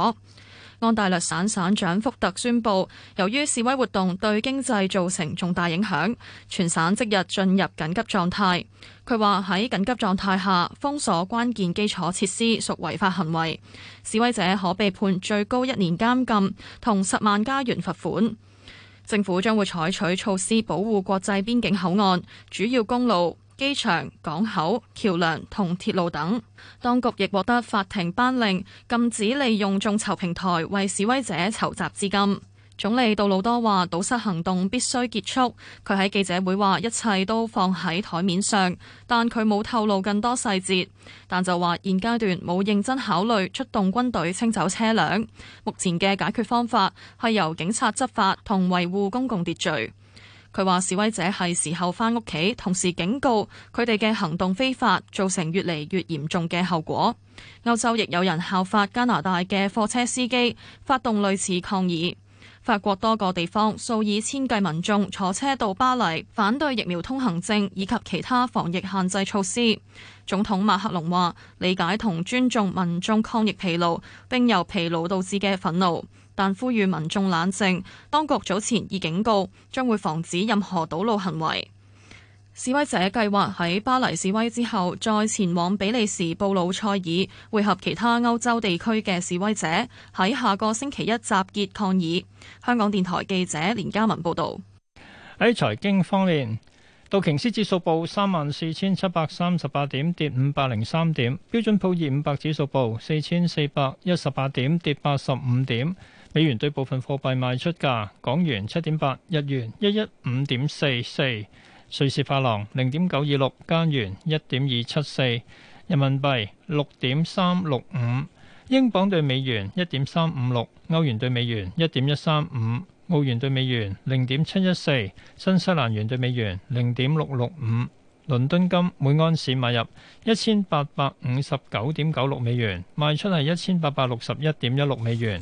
安大略省省長福特宣布，由於示威活動對經濟造成重大影響，全省即日進入緊急狀態。佢話喺緊急狀態下，封鎖關鍵基礎設施屬違法行為，示威者可被判最高一年監禁同十萬加元罰款。政府將會採取措施保護國際邊境口岸、主要公路。機場、港口、橋樑同鐵路等，當局亦獲得法庭頒令禁止利用眾籌平台為示威者籌集資金。總理杜魯多話：堵塞行動必須結束。佢喺記者會話，一切都放喺台面上，但佢冇透露更多細節。但就話現階段冇認真考慮出動軍隊清走車輛。目前嘅解決方法係由警察執法同維護公共秩序。佢話示威者係時候返屋企，同時警告佢哋嘅行動非法，造成越嚟越嚴重嘅後果。歐洲亦有人效法加拿大嘅貨車司機，發動類似抗議。法國多個地方數以千計民眾坐車到巴黎，反對疫苗通行證以及其他防疫限制措施。總統馬克龍話，理解同尊重民眾抗疫疲勞，並由疲勞導致嘅憤怒。但呼籲民眾冷靜。當局早前已警告，將會防止任何堵路行為。示威者計劃喺巴黎示威之後，再前往比利時布魯塞爾會合其他歐洲地區嘅示威者，喺下個星期一集結抗議。香港電台記者連嘉文報道。喺財經方面，道瓊斯指數報三萬四千七百三十八點，跌五百零三點；標準普爾五百指數報四千四百一十八點，跌八十五點。美元對部分貨幣賣出價：港元七點八，日元一一五點四四，瑞士法郎零點九二六，加元一點二七四，人民幣六點三六五，英鎊對美元一點三五六，歐元對美元一點一三五，澳元對美元零點七一四，新西蘭元對美元零點六六五。倫敦金每安士買入一千八百五十九點九六美元，賣出係一千八百六十一點一六美元。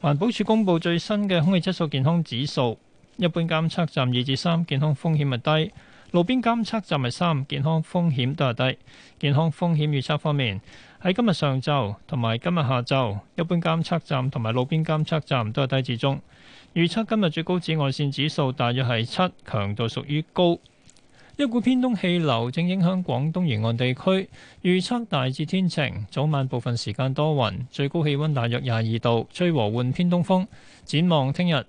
環保署公布最新嘅空氣質素健康指數，一般監測站二至三，健康風險係低；路邊監測站係三，健康風險都係低。健康風險預測方面，喺今日上晝同埋今日下晝，一般監測站同埋路邊監測站都係低至中。預測今日最高紫外線指數大約係七，強度屬於高。一股偏東氣流正影響廣東沿岸地區，預測大致天晴，早晚部分時間多雲，最高氣温大約廿二度，吹和緩偏東風。展望聽日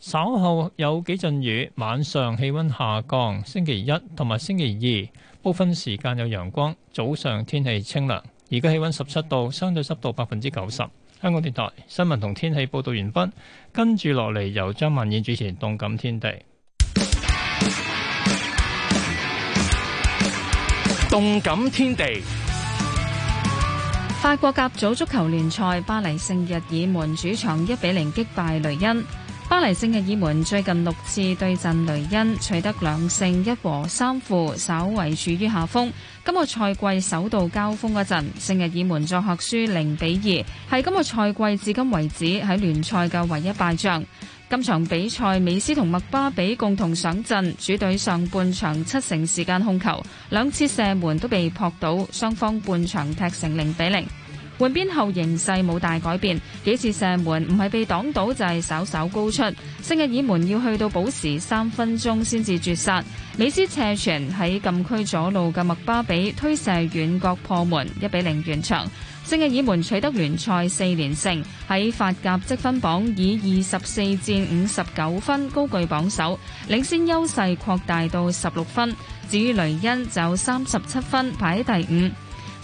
稍後有幾陣雨，晚上氣温下降。星期一同埋星期二部分時間有陽光，早上天氣清涼。而家氣温十七度，相對濕度百分之九十。香港電台新聞同天氣報導完畢，跟住落嚟由張曼燕主持《動感天地》。動感天地，法國甲組足球聯賽，巴黎聖日爾門主場一比零擊敗雷恩。巴黎聖日爾門最近六次對陣雷恩取得兩勝一和三負，稍為處於下風。今個賽季首度交鋒嗰陣，聖日爾門作客輸零比二，係今個賽季至今為止喺聯賽嘅唯一敗仗。今場比賽，美斯同麥巴比共同上陣，主隊上半場七成時間控球，兩次射門都被撲倒，雙方半場踢成零比零。換邊後形勢冇大改變，幾次射門唔係被擋到就係、是、稍稍高出。聖日耳門要去到補時三分鐘先至絕殺，美斯斜傳喺禁區左路嘅麥巴比推射遠角破門，一比零完場。聖日耳門取得聯賽四連勝，喺法甲積分榜以二十四戰五十九分高居榜首，領先優勢擴大到十六分。至於雷恩就三十七分排喺第五。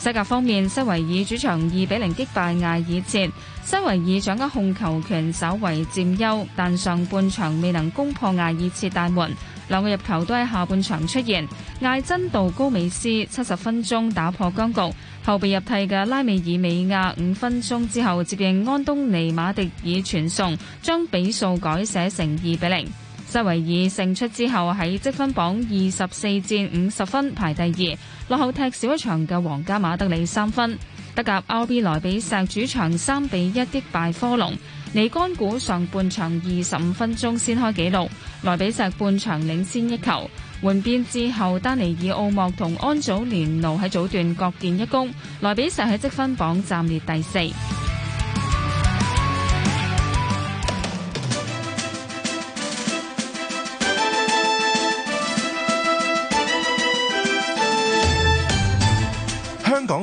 西甲方面，西維爾主場二比零擊敗艾爾切。西維爾掌握控球權，稍為佔優，但上半場未能攻破艾爾切大門。兩個入球都喺下半場出現。艾真道高美斯七十分鐘打破僵局，後備入替嘅拉美爾美亞五分鐘之後接應安東尼馬迪爾傳送，將比數改寫成二比零。塞維爾勝出之後喺積分榜二十四戰五十分排第二，落後踢少一場嘅皇家馬德里三分。德甲 RB 萊比錫主場三比一擊敗科隆，尼干古上半場二十五分鐘先開紀錄，萊比錫半場領先一球。換邊之後，丹尼爾奧莫同安祖連奴喺早段各建一功，萊比錫喺積分榜暫列第四。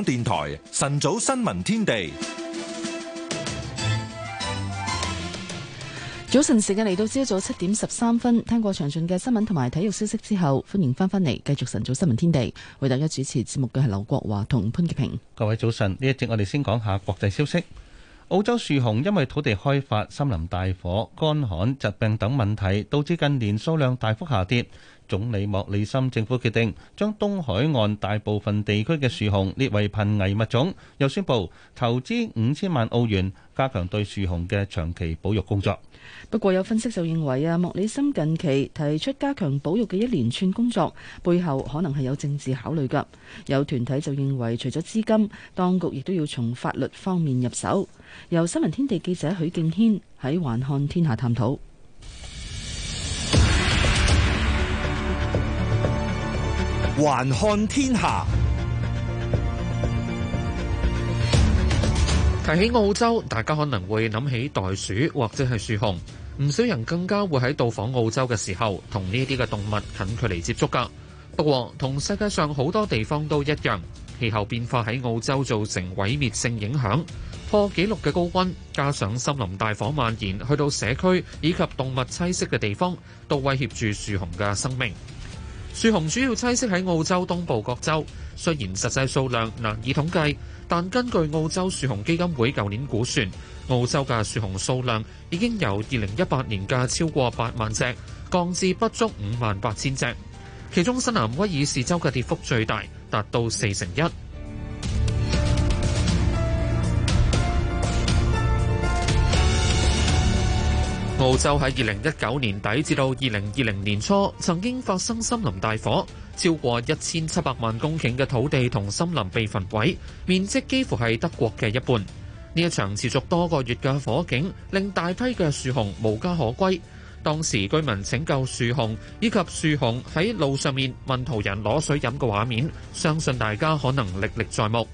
電台晨早新聞天地，早晨時間嚟到朝早七點十三分，聽過詳盡嘅新聞同埋體育消息之後，歡迎翻返嚟繼續晨早新聞天地。為大家主持節目嘅係劉國華同潘潔平。各位早晨，呢一節我哋先講下國際消息。澳洲樹熊因為土地開發、森林大火、乾旱、疾病等問題，導致近年數量大幅下跌。總理莫里森政府決定將東海岸大部分地區嘅樹熊列為瀕危物種，又宣布投資五千萬澳元加強對樹熊嘅長期保育工作。不過有分析就認為啊，莫里森近期提出加強保育嘅一連串工作背後可能係有政治考慮噶。有團體就認為，除咗資金，當局亦都要從法律方面入手。由新聞天地記者許敬軒喺環看天下探討。還看天下。提起澳洲，大家可能會諗起袋鼠或者係樹熊，唔少人更加會喺到訪澳洲嘅時候同呢啲嘅動物近距離接觸噶。不過，同世界上好多地方都一樣，氣候變化喺澳洲造成毀滅性影響，破紀錄嘅高温加上森林大火蔓延，去到社區以及動物棲息嘅地方，都威脅住樹熊嘅生命。樹熊主要棲息喺澳洲東部各州，雖然實際數量難以統計，但根據澳洲樹熊基金會舊年估算，澳洲嘅樹熊數量已經由二零一八年嘅超過八萬隻，降至不足五萬八千隻，其中新南威爾士州嘅跌幅最大，達到四成一。澳洲喺二零一九年底至到二零二零年初，曾經發生森林大火，超過一千七百萬公頃嘅土地同森林被焚毀，面積幾乎係德國嘅一半。呢一場持續多個月嘅火警，令大批嘅樹熊無家可歸。當時居民拯救樹熊，以及樹熊喺路上面問途人攞水飲嘅畫面，相信大家可能歷歷在目。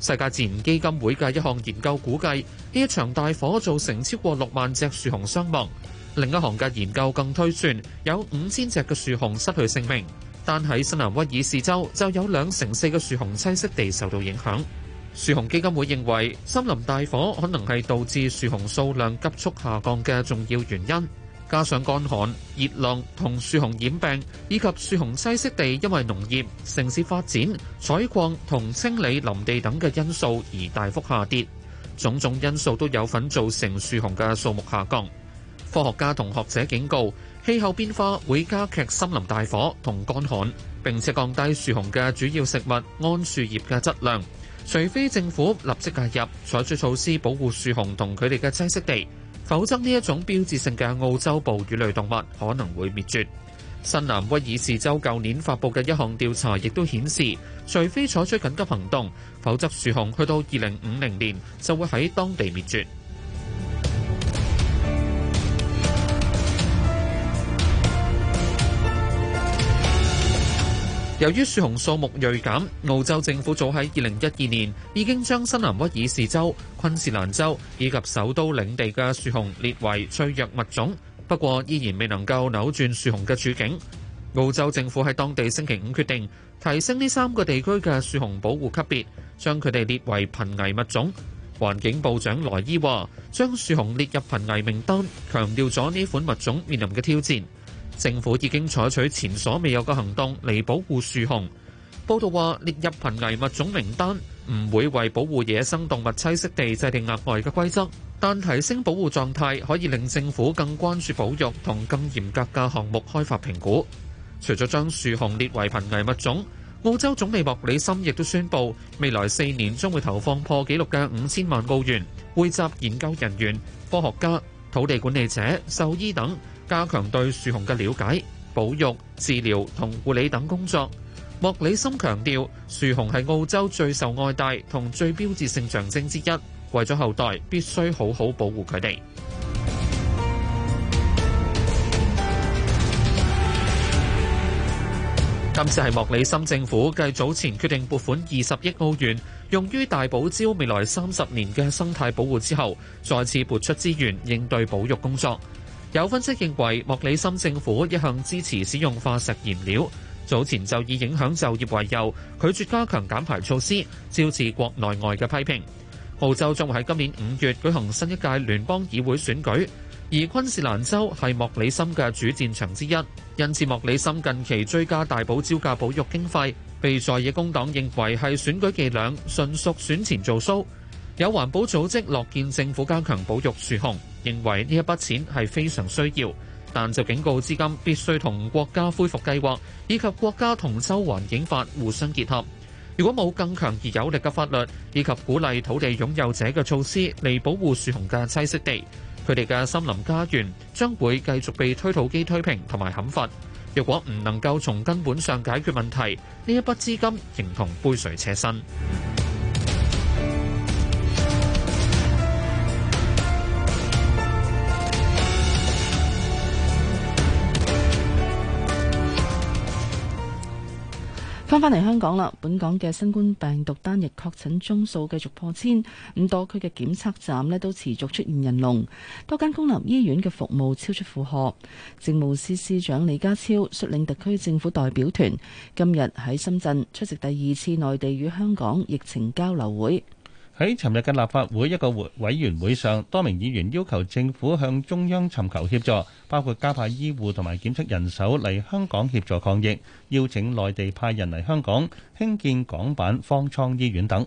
世界自然基金會嘅一項研究估計，呢一場大火造成超過六萬隻樹熊傷亡。另一行嘅研究更推算，有五千隻嘅樹熊失去性命。但喺新南威爾士州就有兩成四個樹熊棲息地受到影響，樹熊基金會認為森林大火可能係導致樹熊數量急速下降嘅重要原因。加上乾旱、熱浪同樹熊染病，以及樹熊棲息地因為農業、城市發展、採礦同清理林地等嘅因素而大幅下跌，種種因素都有份造成樹熊嘅數目下降。科學家同學者警告，氣候變化會加劇森林大火同乾旱，並且降低樹熊嘅主要食物桉樹葉嘅質量，除非政府立即介入採取措施保護樹熊同佢哋嘅棲息地。否則呢一種標誌性嘅澳洲哺乳類動物可能會滅絕。新南威爾士州舊年發布嘅一項調查亦都顯示，除非採取緊急行動，否則樹熊去到二零五零年就會喺當地滅絕。由於樹熊數目銳減，澳洲政府早喺二零一二年已經將新南威爾士州、昆士蘭州以及首都領地嘅樹熊列為脆弱物種。不過，依然未能夠扭轉樹熊嘅處境。澳洲政府喺當地星期五決定提升呢三個地區嘅樹熊保護級別，將佢哋列為瀕危物種。環境部長萊伊話，將樹熊列入瀕危名單，強調咗呢款物種面臨嘅挑戰。政府已經採取前所未有嘅行動嚟保護樹熊。報道話，列入瀕危物種名單，唔會為保護野生動物棲息地制定額外嘅規則，但提升保護狀態可以令政府更關注保育同更嚴格嘅項目開發評估。除咗將樹熊列為瀕危物種，澳洲總理莫里森亦都宣布未來四年將會投放破紀錄嘅五千萬澳元，匯集研究人員、科學家、土地管理者、獸醫等。加強對樹熊嘅了解、保育、治療同護理等工作。莫里森強調，樹熊係澳洲最受愛戴同最標誌性象徵之一，為咗後代，必須好好保護佢哋。 今次係莫里森政府繼早前決定撥款二十億澳元用於大堡礁未來三十年嘅生態保護之後，再次撥出資源應對保育工作。有分析認為，莫里森政府一向支持使用化石燃料，早前就以影響就業為由拒絕加強減排措施，招致國內外嘅批評。澳洲將會喺今年五月舉行新一屆聯邦議會選舉，而昆士蘭州係莫里森嘅主戰場之一，因此莫里森近期追加大堡礁保育經費，被在野工黨認為係選舉伎倆，純屬選前做騷。有環保組織樂見政府加強保育樹熊，認為呢一筆錢係非常需要，但就警告資金必須同國家恢復計劃以及國家同州環境法互相結合。如果冇更強而有力嘅法律以及鼓勵土地擁有者嘅措施嚟保護樹熊嘅棲息地，佢哋嘅森林家園將會繼續被推土機推平同埋砍伐。若果唔能夠從根本上解決問題，呢一筆資金形同杯水車薪。翻返嚟香港啦，本港嘅新冠病毒單日確診宗數繼續破千，咁多區嘅檢測站咧都持續出現人龍，多間公立醫院嘅服務超出負荷。政務司司長李家超率領特區政府代表團今日喺深圳出席第二次內地與香港疫情交流會。喺尋日嘅立法會一個委委員會上，多名議員要求政府向中央尋求協助，包括加派醫護同埋檢測人手嚟香港協助抗疫，邀請內地派人嚟香港興建港版方艙醫院等。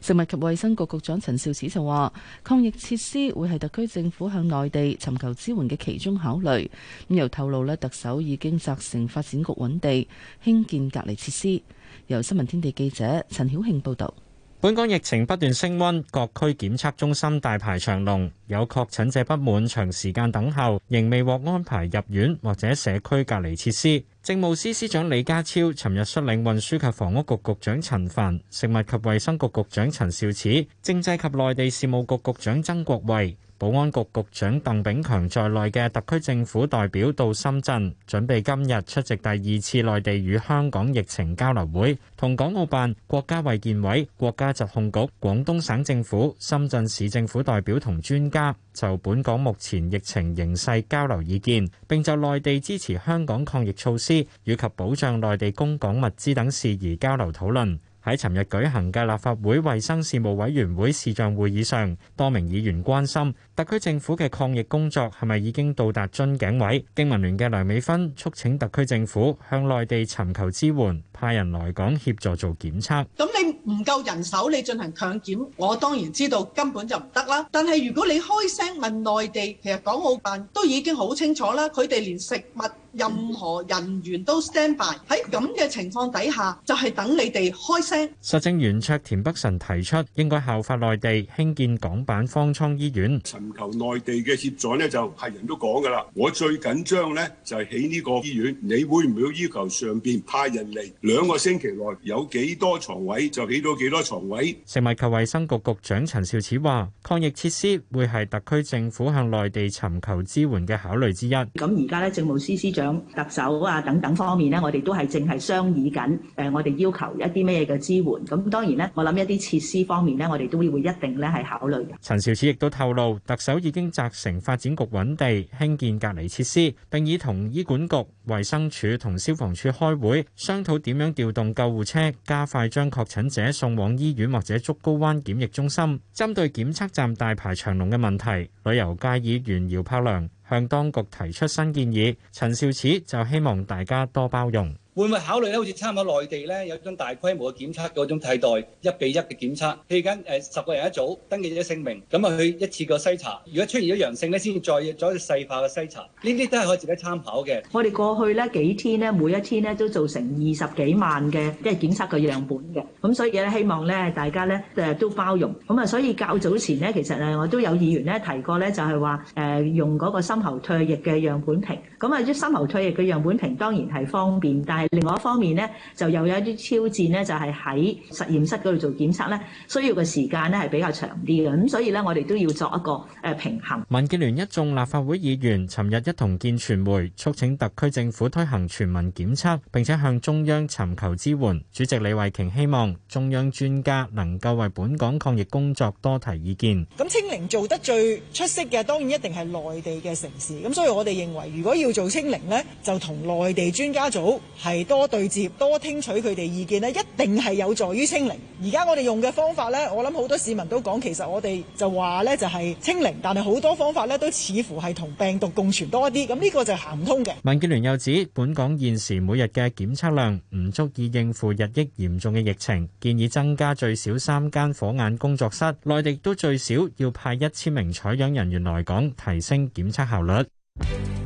食物及衛生局局局長陳肇始就話：抗疫設施會係特區政府向內地尋求支援嘅其中考慮。咁又透露咧，特首已經責成發展局揾地興建隔離設施。由新聞天地記者陳曉慶報道。本港疫情不斷升溫，各區檢測中心大排長龍，有確診者不滿長時間等候，仍未獲安排入院或者社區隔離設施。政務司司長李家超尋日率領運輸及房屋局局，局長陳帆、食物及衛生局局長陳肇始、政制及內地事務局局長曾國衛，保安局局長鄧炳強在內嘅特區政府代表到深圳，準備今日出席第二次內地與香港疫情交流會，同港澳辦、國家衛健委、國家疾控局、廣東省政府、深圳市政府代表同專家就本港目前疫情形勢交流意見，並就內地支持香港抗疫措施以及保障內地供港物資等事宜交流討論。喺尋日舉行嘅立法會衛生事務委員會視像會議上，多名議員關心。特區政府嘅抗疫工作係咪已經到達樽頸位？經民聯嘅梁美芬促請特區政府向內地尋求支援，派人來港協助做檢測。咁你唔夠人手，你進行強檢，我當然知道根本就唔得啦。但係如果你開聲問內地，其實港澳辦都已經好清楚啦，佢哋連食物、任何人員都 stand by。喺咁嘅情況底下，就係等你哋開聲。實政圓桌田北辰提出，應該效法內地興建港版方艙醫院。求內地嘅協助呢，就係人都講噶啦。我最緊張呢就係起呢個醫院，你會唔會要求上邊派人嚟兩個星期內有幾多牀位就起到幾多牀位？食物及衛生局局長陳肇始話，抗疫設施會係特區政府向內地尋求支援嘅考慮之一。咁而家呢，政務司司長、特首啊等等方面呢，我哋都係正係商議緊。誒，我哋要求一啲咩嘅支援？咁當然呢，我諗一啲設施方面呢，我哋都會一定呢係考慮嘅。陳肇始亦都透露。特首已經責成發展局揾地興建隔離設施，並已同醫管局、衞生署同消防處開會商討點樣調動救護車，加快將確診者送往醫院或者竹篙灣檢疫中心。針對檢測站大排長龍嘅問題，旅遊界議員姚柏良向當局提出新建議，陳肇始就希望大家多包容。會唔會考慮咧？好似參考內地咧，有種大規模嘅檢測嘅嗰種替代一比一嘅檢測，譬如緊誒十個人一組登記咗姓名，咁啊去一次個篩查，如果出現咗陽性咧，先至再做細化嘅篩查。呢啲都係可以值得參考嘅。我哋過去咧幾天咧，每一天咧都做成二十幾萬嘅即係檢測嘅樣本嘅，咁所以咧希望咧大家咧誒都包容。咁啊，所以較早前咧，其實啊，我都有議員咧提過咧，就係話誒用嗰個深喉唾液嘅樣本瓶。咁啊，啲深喉唾液嘅樣本瓶當然係方便，但係另外一方面呢，就又有一啲挑戰呢，就係喺實驗室嗰度做檢測呢，需要嘅時間呢係比較長啲嘅。咁所以咧，我哋都要作一個誒平衡。民建聯一眾立法會議員尋日一同見傳媒，促請特區政府推行全民檢測，並且向中央尋求支援。主席李慧瓊希望中央專家能夠為本港抗疫工作多提意見。咁清零做得最出色嘅，當然一定係內地嘅城市。咁所以我哋認為，如果要做清零呢，就同內地專家組係，多對接，多聽取佢哋意見呢，一定係有助於清零。而家我哋用嘅方法呢，我諗好多市民都講，其實我哋就話呢就係清零，但係好多方法呢都似乎係同病毒共存多一啲，咁呢個就行唔通嘅。民建聯又指，本港現時每日嘅檢測量唔足以應付日益嚴重嘅疫情，建議增加最少三間火眼工作室，內地都最少要派一千名採樣人員來港，提升檢測效率。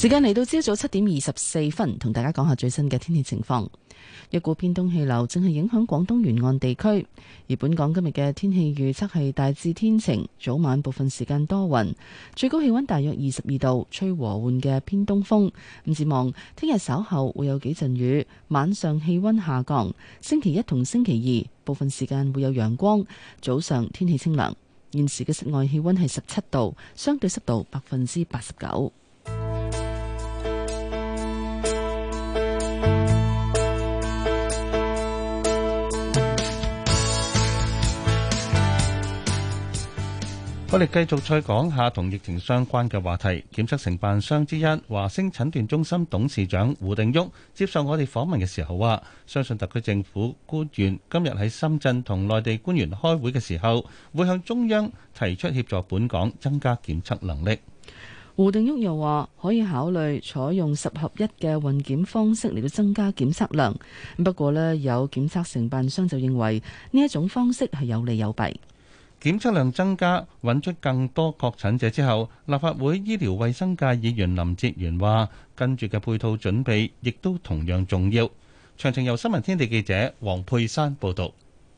時間嚟到朝早七點二十四分，同大家講下最新嘅天氣情況。一股偏東氣流正係影響廣東沿岸地區，而本港今日嘅天氣預測係大致天晴，早晚部分時間多雲，最高氣溫大約二十二度，吹和緩嘅偏東風。唔指望聽日稍後會有幾陣雨，晚上氣溫下降。星期一同星期二部分時間會有陽光，早上天氣清涼。現時嘅室外氣溫係十七度，相對濕度百分之八十九。我哋繼續再講下同疫情相關嘅話題。檢測承辦商之一華星診斷中心董事長胡定旭接受我哋訪問嘅時候話，相信特區政府官員今日喺深圳同內地官員開會嘅時候，會向中央提出協助本港增加檢測能力。胡定旭又話，可以考慮採用十合一嘅混檢方式嚟到增加檢測量。不過呢，有檢測承辦商就認為呢一種方式係有利有弊。檢測量增加，揾出更多確診者之後，立法會醫療衛生界議員林哲元話：跟住嘅配套準備亦都同樣重要。詳情由新聞天地記者黃佩珊報道。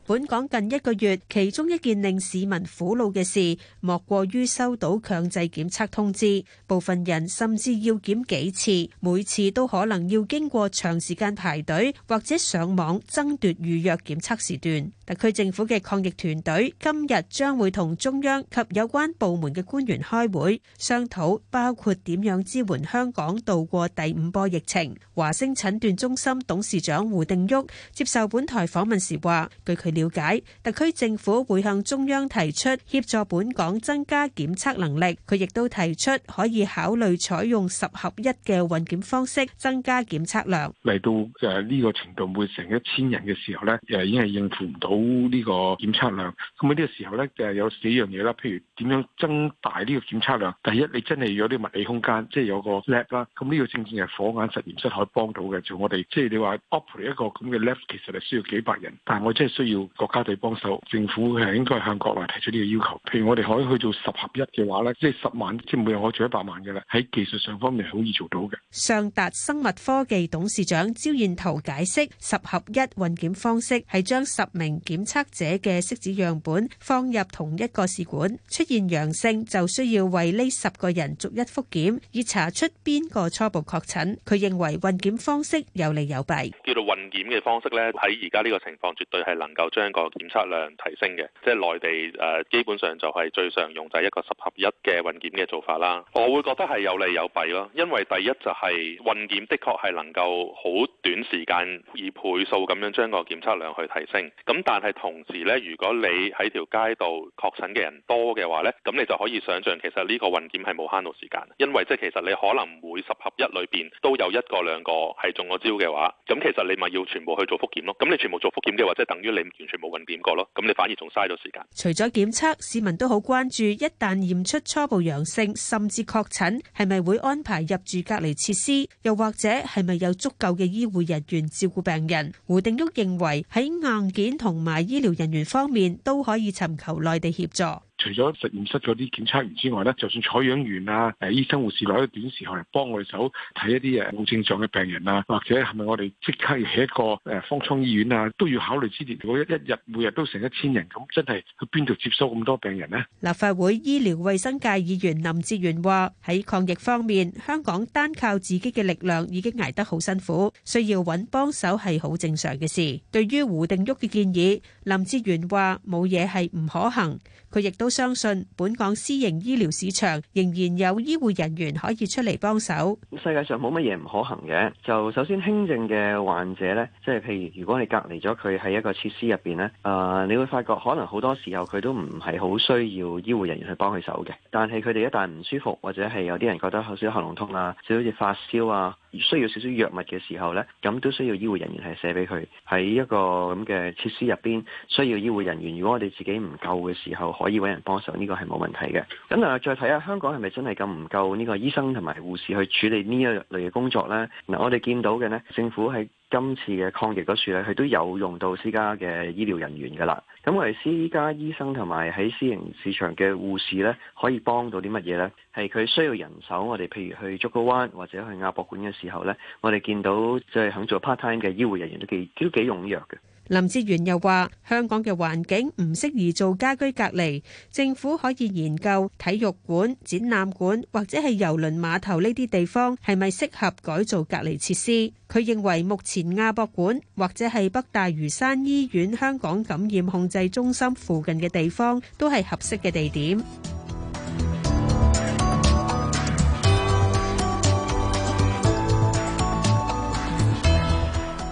本港近一個月，其中一件令市民苦惱嘅事，莫過於收到強制檢測通知。部分人甚至要檢幾次，每次都可能要經過長時間排隊或者上網爭奪預約檢測時段。特區政府嘅抗疫團隊今日將會同中央及有關部門嘅官員開會商討，包括點樣支援香港度過第五波疫情。華星診斷中心董事長胡定旭接受本台訪問時話，據佢了解，特區政府會向中央提出協助本港增加檢測能力。佢亦都提出可以考慮採用十合一嘅混檢方式，增加檢測量。嚟到誒呢個程度，每成一千人嘅時候咧，誒已經係應付唔到呢個檢測量。咁呢個時候咧，就係有四樣嘢啦。譬如點樣增大呢個檢測量。第一，你真係要有啲物理空間，即係有個 lab 啦。咁呢個正正係火眼實驗室可以幫到嘅。就我哋即係你話 operate 一個咁嘅 lab，其實係需要幾百人，但係我真係需要。國家地幫手，政府係應該係向國內提出呢個要求。譬如我哋可以去做十合一嘅話咧，即係十萬即係每人可以做一百萬嘅啦。喺技術上方面係好易做到嘅。尚達生物科技董事長招彥燾解釋十合一運檢方式係將十名檢測者嘅拭子樣本放入同一個試管，出現陽性就需要為呢十個人逐一複檢，以查出邊個初步確診。佢認為運檢方式有利有弊。叫做運檢嘅方式咧，喺而家呢個情況絕對係能夠。將個檢測量提升嘅，即係內地誒、呃，基本上就係最常用就係一個十合一嘅混檢嘅做法啦。我會覺得係有利有弊咯，因為第一就係、是、混檢的確係能夠好短時間以倍數咁樣將個檢測量去提升。咁但係同時呢，如果你喺條街度確診嘅人多嘅話呢，咁你就可以想象其實呢個混檢係冇慳到時間，因為即係其實你可能每十合一裏邊都有一個兩個係中咗招嘅話，咁其實你咪要全部去做復檢咯。咁你全部做復檢嘅話，即係等於你。完全冇硬件過咯，咁你反而仲嘥咗時間。除咗檢測，市民都好關注，一旦驗出初步陽性，甚至確診，係咪會安排入住隔離設施，又或者係咪有足夠嘅醫護人員照顧病人？胡定旭認為喺硬件同埋醫療人員方面都可以尋求內地協助。除咗實驗室嗰啲檢測員之外咧，就算採樣員啊、誒醫生護士攞一短時候嚟，幫我哋手睇一啲誒冇症狀嘅病人啊，或者係咪我哋即刻要起一個誒方艙醫院啊，都要考慮之列。如果一一日，一日每日都成一千人，咁真係去邊度接收咁多病人咧？立法會醫療衛生界議員林志遠話，喺抗疫方面，香港單靠自己嘅力量已經挨得好辛苦，需要揾幫手係好正常嘅事。對於胡定旭嘅建議，林志源話：冇嘢係唔可行。佢亦都相信，本港私營醫療市場仍然有醫護人員可以出嚟幫手。世界上冇乜嘢唔可行嘅。就首先輕症嘅患者咧，即係譬如，如果你隔離咗佢喺一個設施入邊咧，誒，你會發覺可能好多時候佢都唔係好需要醫護人員去幫佢手嘅。但係佢哋一旦唔舒服，或者係有啲人覺得少少喉嚨痛啊，少少熱發燒啊，需要少少藥物嘅時候咧，咁都需要醫護人員係寫俾佢喺一個咁嘅設施入邊。需要醫護人員，如果我哋自己唔夠嘅時候，可以揾人幫手，呢個係冇問題嘅。咁另外再睇下香港係咪真係咁唔夠呢個醫生同埋護士去處理呢一類嘅工作呢？嗱、嗯，我哋見到嘅呢政府喺今次嘅抗疫嗰處咧，佢都有用到私家嘅醫療人員噶啦。咁我哋私家醫生同埋喺私營市場嘅護士呢，可以幫到啲乜嘢呢？係佢需要人手，我哋譬如去竹篙灣或者去亞博館嘅時候呢，我哋見到即係肯做 part time 嘅醫護人員都幾都幾踴躍嘅。林志源又話香港嘅環境唔適宜做家居隔離，政府可以研究體育館展覽館或者係郵輪碼頭呢啲地方係咪適合改造隔離設施？佢認為目前亞博館或者係北大嶼山醫院、香港感染控制中心附近嘅地方都係合適嘅地點。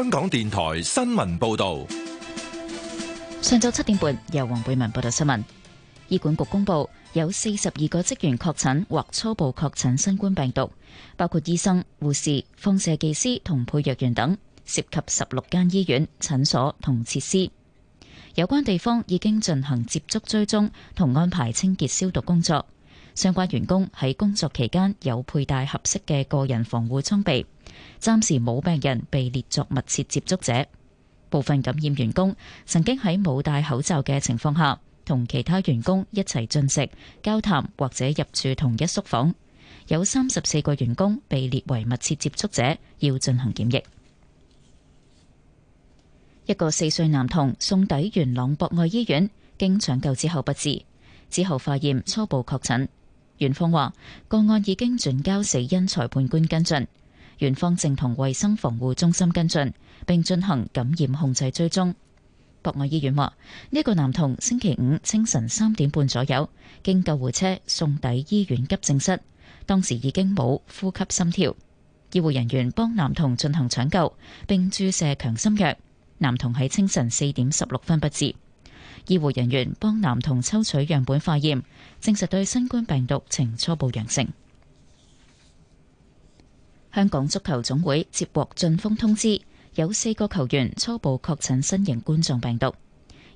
香港電台新聞報道，上晝七點半由黃貝文報道新聞。醫管局公布有四十二個職員確診或初步確診新冠病毒，包括醫生、護士、放射技師同配藥員等，涉及十六間醫院、診所同設施。有關地方已經進行接觸追蹤同安排清潔消毒工作。相關員工喺工作期間有佩戴合適嘅個人防護裝備。暫時冇病人被列作密切接觸者。部分感染員工曾經喺冇戴口罩嘅情況下同其他員工一齊進食、交談或者入住同一宿房。有三十四個員工被列為密切接觸者，要進行檢疫。 一個四歲男童送抵元朗博愛醫院，經搶救之後不治，之後化驗初步確診。院方話個案已經轉交死因裁判官跟進。院方正同衛生防護中心跟進，並進行感染控制追蹤。博愛醫院話：呢個男童星期五清晨三點半左右，經救護車送抵醫院急症室，當時已經冇呼吸心跳。醫護人員幫男童進行搶救，並注射強心藥。男童喺清晨四點十六分不治。醫護人員幫男童抽取樣本化驗，證實對新冠病毒呈初步陽性。香港足球總會接獲晉峰通知，有四個球員初步確診新型冠狀病毒。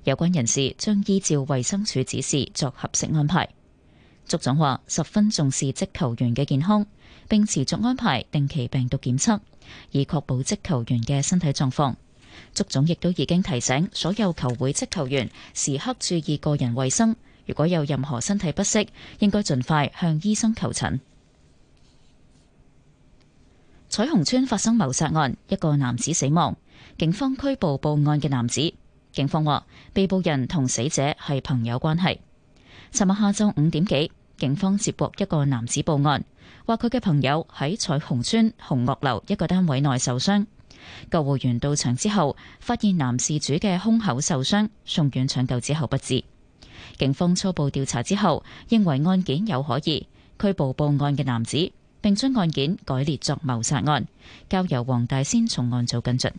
有關人士將依照衛生署指示作合適安排。足總話十分重視職球員嘅健康，並持續安排定期病毒檢測，以確保職球員嘅身體狀況。足總亦都已經提醒所有球會職球員時刻注意個人衛生，如果有任何身體不適，應該盡快向醫生求診。彩虹村發生謀殺案，一個男子死亡，警方拘捕報案嘅男子。警方話，被捕人同死者係朋友關係。尋日下晝五點幾，警方接獲一個男子報案，話佢嘅朋友喺彩虹邨紅萼樓一個單位內受傷。救護員到場之後，發現男事主嘅胸口受傷，送院搶救之後不治。警方初步調查之後，認為案件有可疑，拘捕報案嘅男子，並將案件改列作謀殺案，交由黃大仙重案組跟進。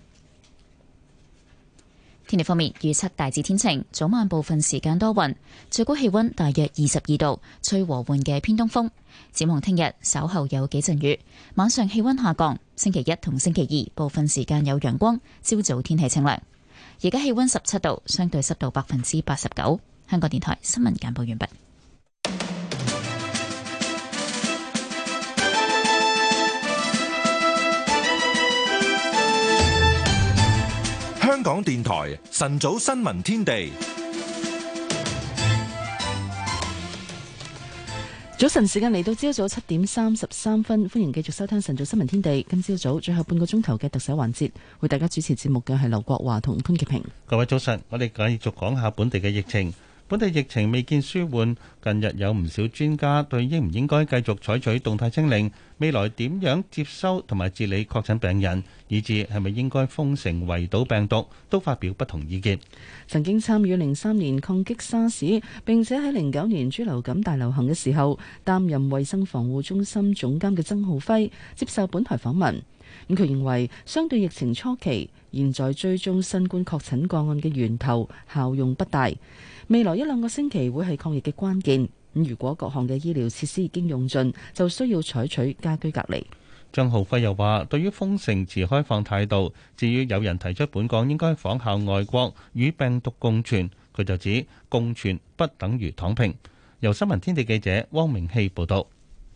天氣方面，預測大致天晴，早晚部分時間多雲，最高氣溫大約二十二度，吹和緩嘅偏東風。展望聽日，稍後有幾陣雨，晚上氣溫下降。星期一同星期二部分時間有陽光，朝早天氣清涼。而家氣溫十七度，相對濕度百分之八十九。香港電台新聞簡報完畢。港電台晨早新聞天地，早晨時間嚟到朝早七點三十三分，歡迎繼續收聽晨早新聞天地。今朝早最後半個鐘頭嘅特首環節，為大家主持節目嘅係劉國華同潘潔平。各位早晨，我哋繼續講下本地嘅疫情。本地疫情未見舒緩，近日有唔少專家對應唔應該繼續採取動態清零，未來點樣接收同埋治理確診病人，以至係咪應該封城圍堵病毒，都發表不同意見。曾經參與零三年抗擊沙士，並且喺零九年豬流感大流行嘅時候擔任衛生防護中心總監嘅曾浩輝接受本台訪問。咁佢認為相對疫情初期，現在追蹤新冠確診個案嘅源頭效用不大。未來一兩個星期會係抗疫嘅關鍵，咁如果各項嘅醫療設施已經用盡，就需要採取家居隔離。張浩輝又話：對於封城持開放態度，至於有人提出本港應該仿效外國與病毒共存，佢就指共存不等於躺平。由新聞天地記者汪明熙報道。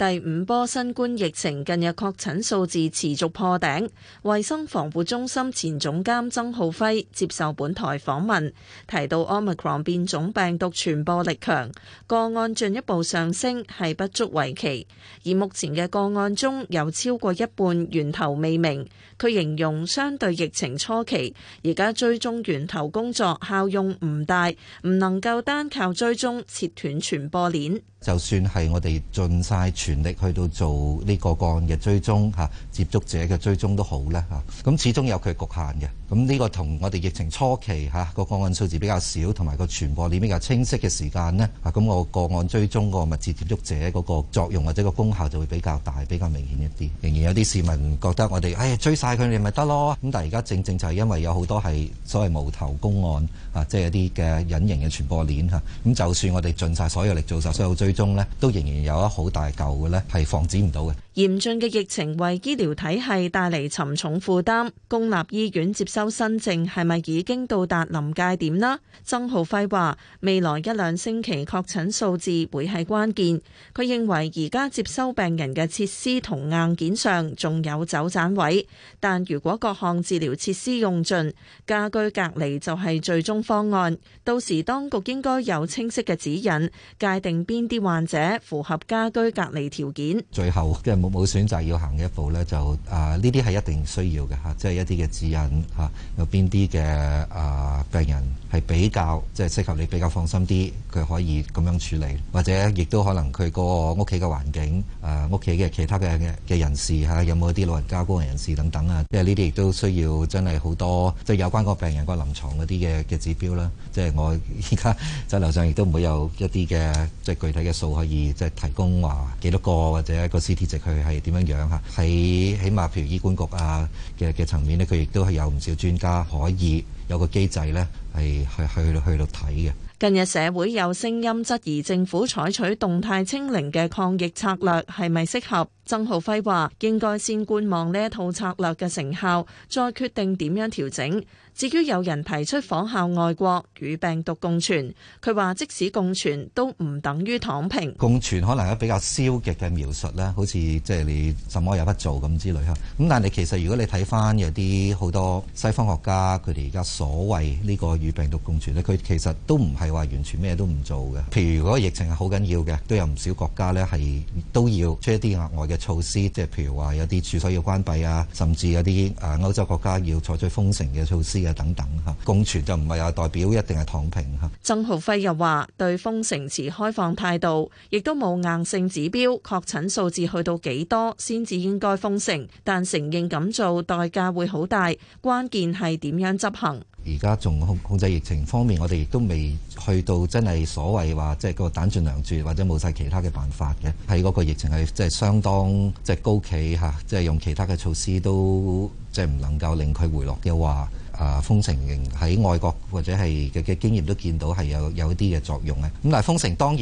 第五波新冠疫情近日確診數字持續破頂，衛生防護中心前總監曾浩輝接受本台訪問，提到 Omicron 變種病毒傳播力強，個案進一步上升係不足為奇，而目前嘅個案中有超過一半源頭未明。佢形容相對疫情初期，而家追蹤源頭工作效用唔大，唔能夠單靠追蹤切斷傳播鏈，就算係我哋盡晒全力去到做呢個個案嘅追蹤吓，接觸者嘅追蹤都好咧吓，咁始終有佢局限嘅。咁呢個同我哋疫情初期嚇、啊、個個案數字比較少，同埋個傳播鏈比較清晰嘅時間呢，啊咁，個個案追蹤個密切接觸者嗰個作用或者個功效就會比較大、比較明顯一啲。仍然有啲市民覺得我哋唉、哎、追晒佢哋咪得咯，咁但係而家正正就係因為有好多係所謂無頭公案。啊，即係一啲嘅隱形嘅傳播鏈嚇，咁就算我哋盡晒所有力做晒所有追蹤咧，都仍然有一好大嚿嘅咧係防止唔到嘅。嚴峻嘅疫情為醫療體系帶嚟沉重負擔，公立醫院接收新症係咪已經到達臨界點啦？曾浩輝話：未來一兩星期確診數字會係關鍵。佢認為而家接收病人嘅設施同硬件上仲有走盞位，但如果各項治療設施用盡，家居隔離就係最終方案到時，當局應該有清晰嘅指引界定，邊啲患者符合家居隔離條件，最後即係冇冇選擇要行嘅一步咧，就啊，呢啲係一定需要嘅吓，即係一啲嘅指引吓，有邊啲嘅啊、啊病人，係比較即係適合你比較放心啲，佢可以咁樣處理，或者亦都可能佢個屋企嘅環境，誒屋企嘅其他嘅嘅人士嚇、啊，有冇一啲老人家高危人士等等啊，即係呢啲亦都需要真係好多即係有關嗰個病人，個臨牀嗰啲嘅嘅指標啦。即、啊、係、就是、我而家就樓上亦都唔會有一啲嘅即係具體嘅數可以即係、就是、提供話幾多個或者個 C T 值係係點樣樣嚇。喺、啊、起碼譬如醫管局啊嘅嘅層面咧，佢亦都係有唔少專家可以有個機制咧。係去去去度睇嘅。近日社會有聲音質疑政府採取動態清零嘅抗疫策略係咪適合？曾浩輝話應該先觀望呢一套策略嘅成效，再決定點樣調整。至於有人提出仿效外國與病毒共存，佢話即使共存都唔等於躺平。共存可能係比較消極嘅描述啦，好似即係你什麼也不做咁之類啦。咁但係其實如果你睇翻有啲好多西方國家，佢哋而家所謂呢個與病毒共存咧，佢其實都唔係話完全咩都唔做嘅。譬如如果疫情係好緊要嘅，都有唔少國家咧係都要出一啲額外嘅措施，即係譬如話有啲處所要關閉啊，甚至有啲誒歐洲國家要採取封城嘅措施嘅。等等嚇，共存就唔係話代表一定係躺平嚇。曾浩輝又話對封城持開放態度，亦都冇硬性指標，確診數字去到幾多先至應該封城？但承認咁做代價會好大，關鍵係點樣執行。而家仲控控制疫情方面，我哋亦都未去到真係所謂話即係個彈盡糧絕，或者冇晒其他嘅辦法嘅。喺嗰個疫情係即係相當即係高企吓，即係用其他嘅措施都即係唔能夠令佢回落嘅話。啊！封城喺外國或者係嘅嘅經驗都見到係有有一啲嘅作用嘅。咁但係封城當然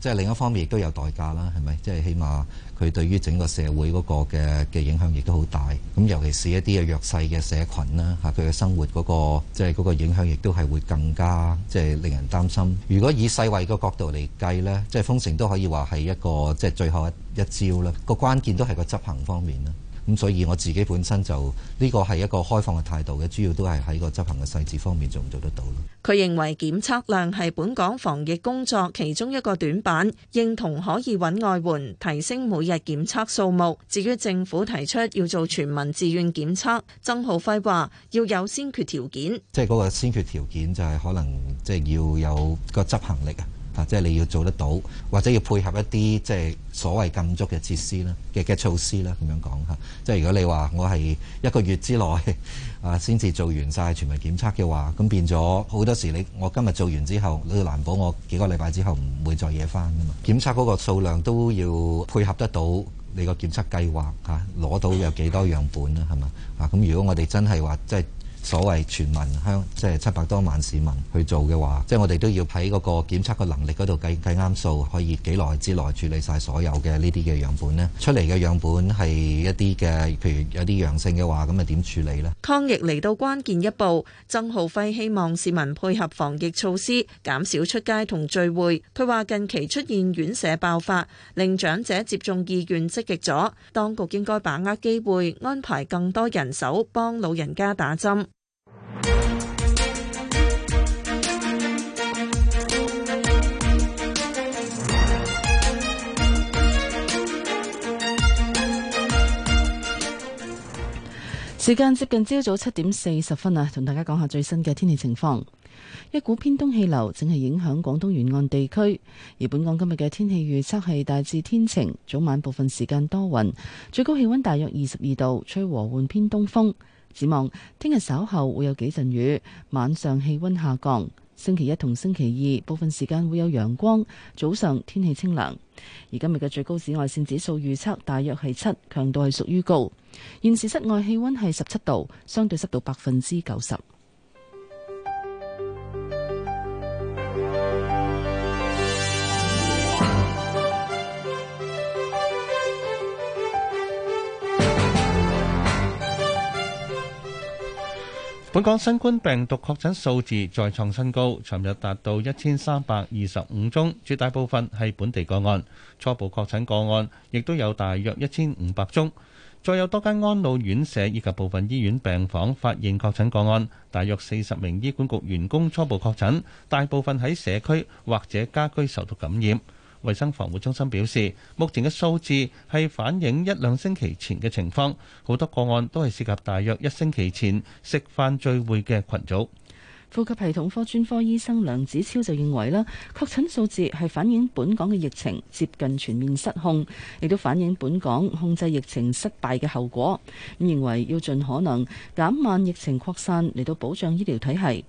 即係，另一方面亦都有代價啦，係咪？即係起碼佢對於整個社會嗰個嘅嘅影響亦都好大。咁尤其是一啲嘅弱勢嘅社群啦，吓，佢嘅生活嗰個即係嗰個影響亦都係會更加即係令人擔心。如果以世衛個角度嚟計咧，即係封城都可以話，係一個即係最後一、一招啦。個關鍵都係個執行方面啦。咁所以我自己本身就呢個係一個開放嘅態度嘅，主要都係喺個執行嘅細節方面做唔做得到。佢認為檢測量係本港防疫工作其中一個短板，認同可以揾外援提升每日檢測數目。至於政府提出要做全民自願檢測，曾浩輝話要有先決條件，即係嗰個先決條件就係可能即係要有個執行力啊。啊，即係你要做得到，或者要配合一啲即係所謂禁足嘅設施啦，嘅嘅措施啦，咁樣講嚇。即係如果你話我係一個月之內啊，先至做完晒全民檢測嘅話，咁變咗好多時你我今日做完之後，你難保我幾個禮拜之後唔會再惹翻㗎嘛？檢測嗰個數量都要配合得到你個檢測計劃嚇，攞到有幾多樣本啦，係嘛？啊，咁、啊、如果我哋真係話即係。所謂全民香，即係七百多萬市民去做嘅話，即係我哋都要喺嗰個檢測嘅能力嗰度計計啱數，可以幾耐之內處理晒所有嘅呢啲嘅樣本咧。出嚟嘅樣本係一啲嘅，譬如有啲陽性嘅話，咁咪點處理呢？抗疫嚟到關鍵一步，曾浩輝希望市民配合防疫措施，減少出街同聚會。佢話近期出現院舍爆發，令長者接種意願積極咗，當局應該把握機會，安排更多人手幫老人家打針。時間接近朝早七點四十分啊，同大家講下最新嘅天氣情況。一股偏東氣流正係影響廣東沿岸地區，而本港今日嘅天氣預測係大致天晴，早晚部分時間多雲，最高氣溫大約二十二度，吹和緩偏東風。展望聽日稍後會有幾陣雨，晚上氣溫下降。星期一同星期二部分時間會有陽光，早上天氣清涼。而今日嘅最高紫外線指數預測大約係七，強度係屬於高。現時室外氣温係十七度，相對濕度百分之九十。本港新冠病毒確診數字再創新高，尋日達到一千三百二十五宗，絕大部分係本地個案。初步確診個案亦都有大約一千五百宗。再有多間安老院舍以及部分醫院病房發現確診個案，大約四十名醫管局員工初步確診，大部分喺社區或者家居受到感染。衛生防護中心表示，目前嘅數字係反映一兩星期前嘅情況，好多個案都係涉及大約一星期前食飯聚會嘅群組。呼吸系統科專科醫生梁子超就認為啦，確診數字係反映本港嘅疫情接近全面失控，亦都反映本港控制疫情失敗嘅後果。咁認為要盡可能減慢疫情擴散，嚟到保障醫療體系。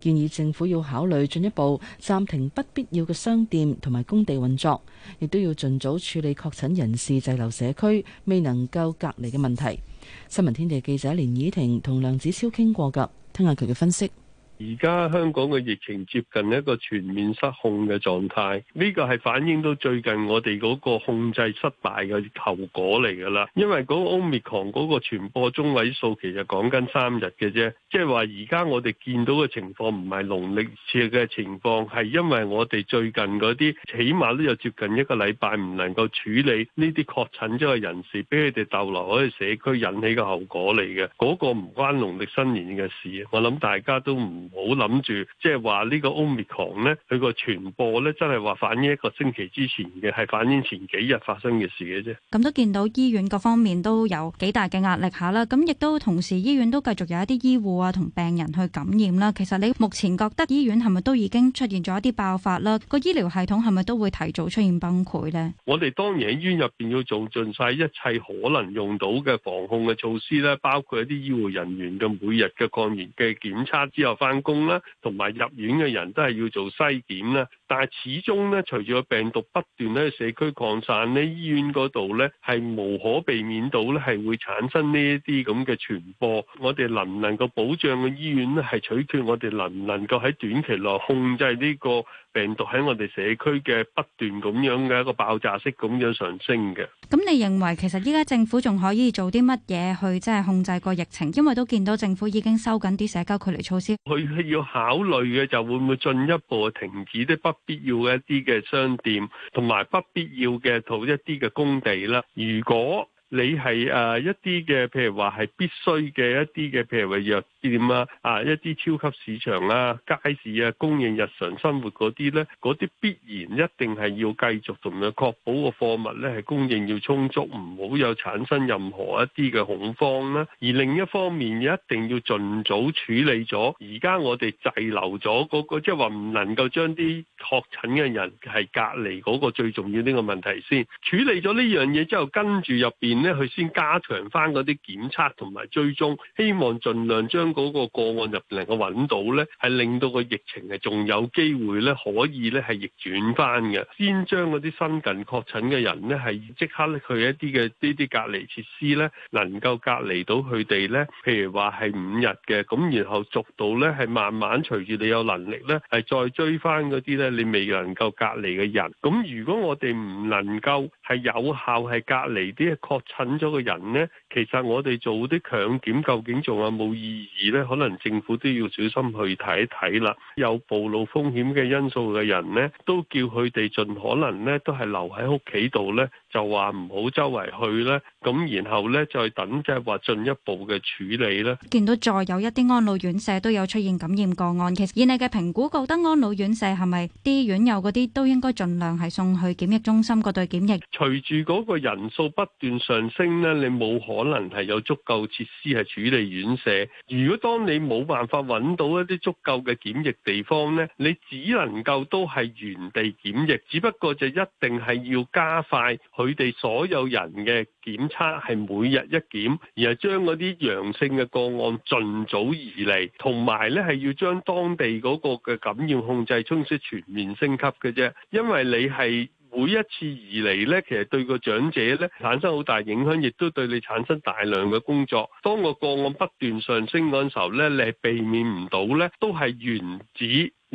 建議政府要考慮進一步暫停不必要嘅商店同埋工地運作，亦都要盡早處理確診人士滯留社區未能夠隔離嘅問題。新聞天地記者連以婷同梁子超傾過㗎，聽下佢嘅分析。而家香港嘅疫情接近一個全面失控嘅狀態，呢個係反映到最近我哋嗰個控制失敗嘅後果嚟㗎啦。因為嗰個奧密克戎嗰個傳播中位數其實講緊三日嘅啫，即係話而家我哋見到嘅情況唔係農曆節嘅情況，係因為我哋最近嗰啲起碼都有接近一個禮拜唔能夠處理呢啲確診咗嘅人士俾佢哋逗留喺社區引起嘅後果嚟嘅，嗰個唔關農曆新年嘅事。我諗大家都唔冇諗住，即係話呢個 Omicron 咧，佢個傳播咧，真係話反映一個星期之前嘅，係反映前幾日發生嘅事嘅啫。咁都見到醫院各方面都有幾大嘅壓力下啦，咁亦都同時醫院都繼續有一啲醫護啊同病人去感染啦。其實你目前覺得醫院係咪都已經出現咗一啲爆發啦？個醫療系統係咪都會提早出現崩潰咧？我哋當然喺醫院入邊要做盡晒一切可能用到嘅防控嘅措施咧，包括一啲醫護人員嘅每日嘅抗原嘅檢測之後翻。工啦，同埋入院嘅人都係要做篩檢啦。但係始終咧，隨住個病毒不斷咧喺社區擴散咧，醫院嗰度咧係無可避免到咧係會產生呢一啲咁嘅傳播。我哋能唔能夠保障嘅醫院呢，係取決我哋能唔能夠喺短期內控制呢個病毒喺我哋社區嘅不斷咁樣嘅一個爆炸式咁樣上升嘅。咁你認為其實依家政府仲可以做啲乜嘢去即係控制個疫情？因為都見到政府已經收緊啲社交距離措施。佢要考慮嘅就會唔會進一步停止啲不必要嘅一啲嘅商店，同埋不必要嘅同一啲嘅工地啦。如果你係誒一啲嘅，譬如話係必須嘅一啲嘅，譬如話藥。點啊！啊，一啲超級市場啊、街市啊、供應日常生活嗰啲咧，嗰啲必然一定係要繼續同埋確保個貨物咧係供應要充足，唔好有產生任何一啲嘅恐慌啦、啊。而另一方面，一定要盡早處理咗而家我哋滯留咗嗰、那個，即係話唔能夠將啲確診嘅人係隔離嗰、那個最重要呢個問題先處理咗呢樣嘢之後，跟住入邊咧，佢先加強翻嗰啲檢測同埋追蹤，希望盡量將。嗰個個案入邊能夠揾到咧，係令到個疫情係仲有機會咧，可以咧係逆轉翻嘅。先將嗰啲新近確診嘅人咧，係即刻咧去一啲嘅呢啲隔離設施咧，能夠隔離到佢哋咧。譬如話係五日嘅，咁然後逐度咧係慢慢隨住你有能力咧，係再追翻嗰啲咧你未能夠隔離嘅人。咁如果我哋唔能夠係有效係隔離啲確診咗嘅人咧，其實我哋做啲強檢究竟仲有冇意義？咧可能政府都要小心去睇一睇啦，有暴露風險嘅因素嘅人咧，都叫佢哋盡可能咧，都係留喺屋企度咧。就話唔好周圍去啦，咁然後咧再等，即係話進一步嘅處理啦。見到再有一啲安老院舍都有出現感染個案，其實以你嘅評估覺得安老院舍係咪啲院友嗰啲都應該盡量係送去檢疫中心嗰度檢疫？隨住嗰個人數不斷上升咧，你冇可能係有足夠設施係處理院舍。如果當你冇辦法揾到一啲足夠嘅檢疫地方咧，你只能夠都係原地檢疫，只不過就一定係要加快去。佢哋所有人嘅檢測係每日一檢，而係將嗰啲陽性嘅個案盡早移嚟，同埋呢係要將當地嗰個嘅感染控制措施全面升級嘅啫。因為你係每一次移嚟呢，其實對個長者呢產生好大影響，亦都對你產生大量嘅工作。當個個案不斷上升嗰陣時候呢，你係避免唔到呢，都係源自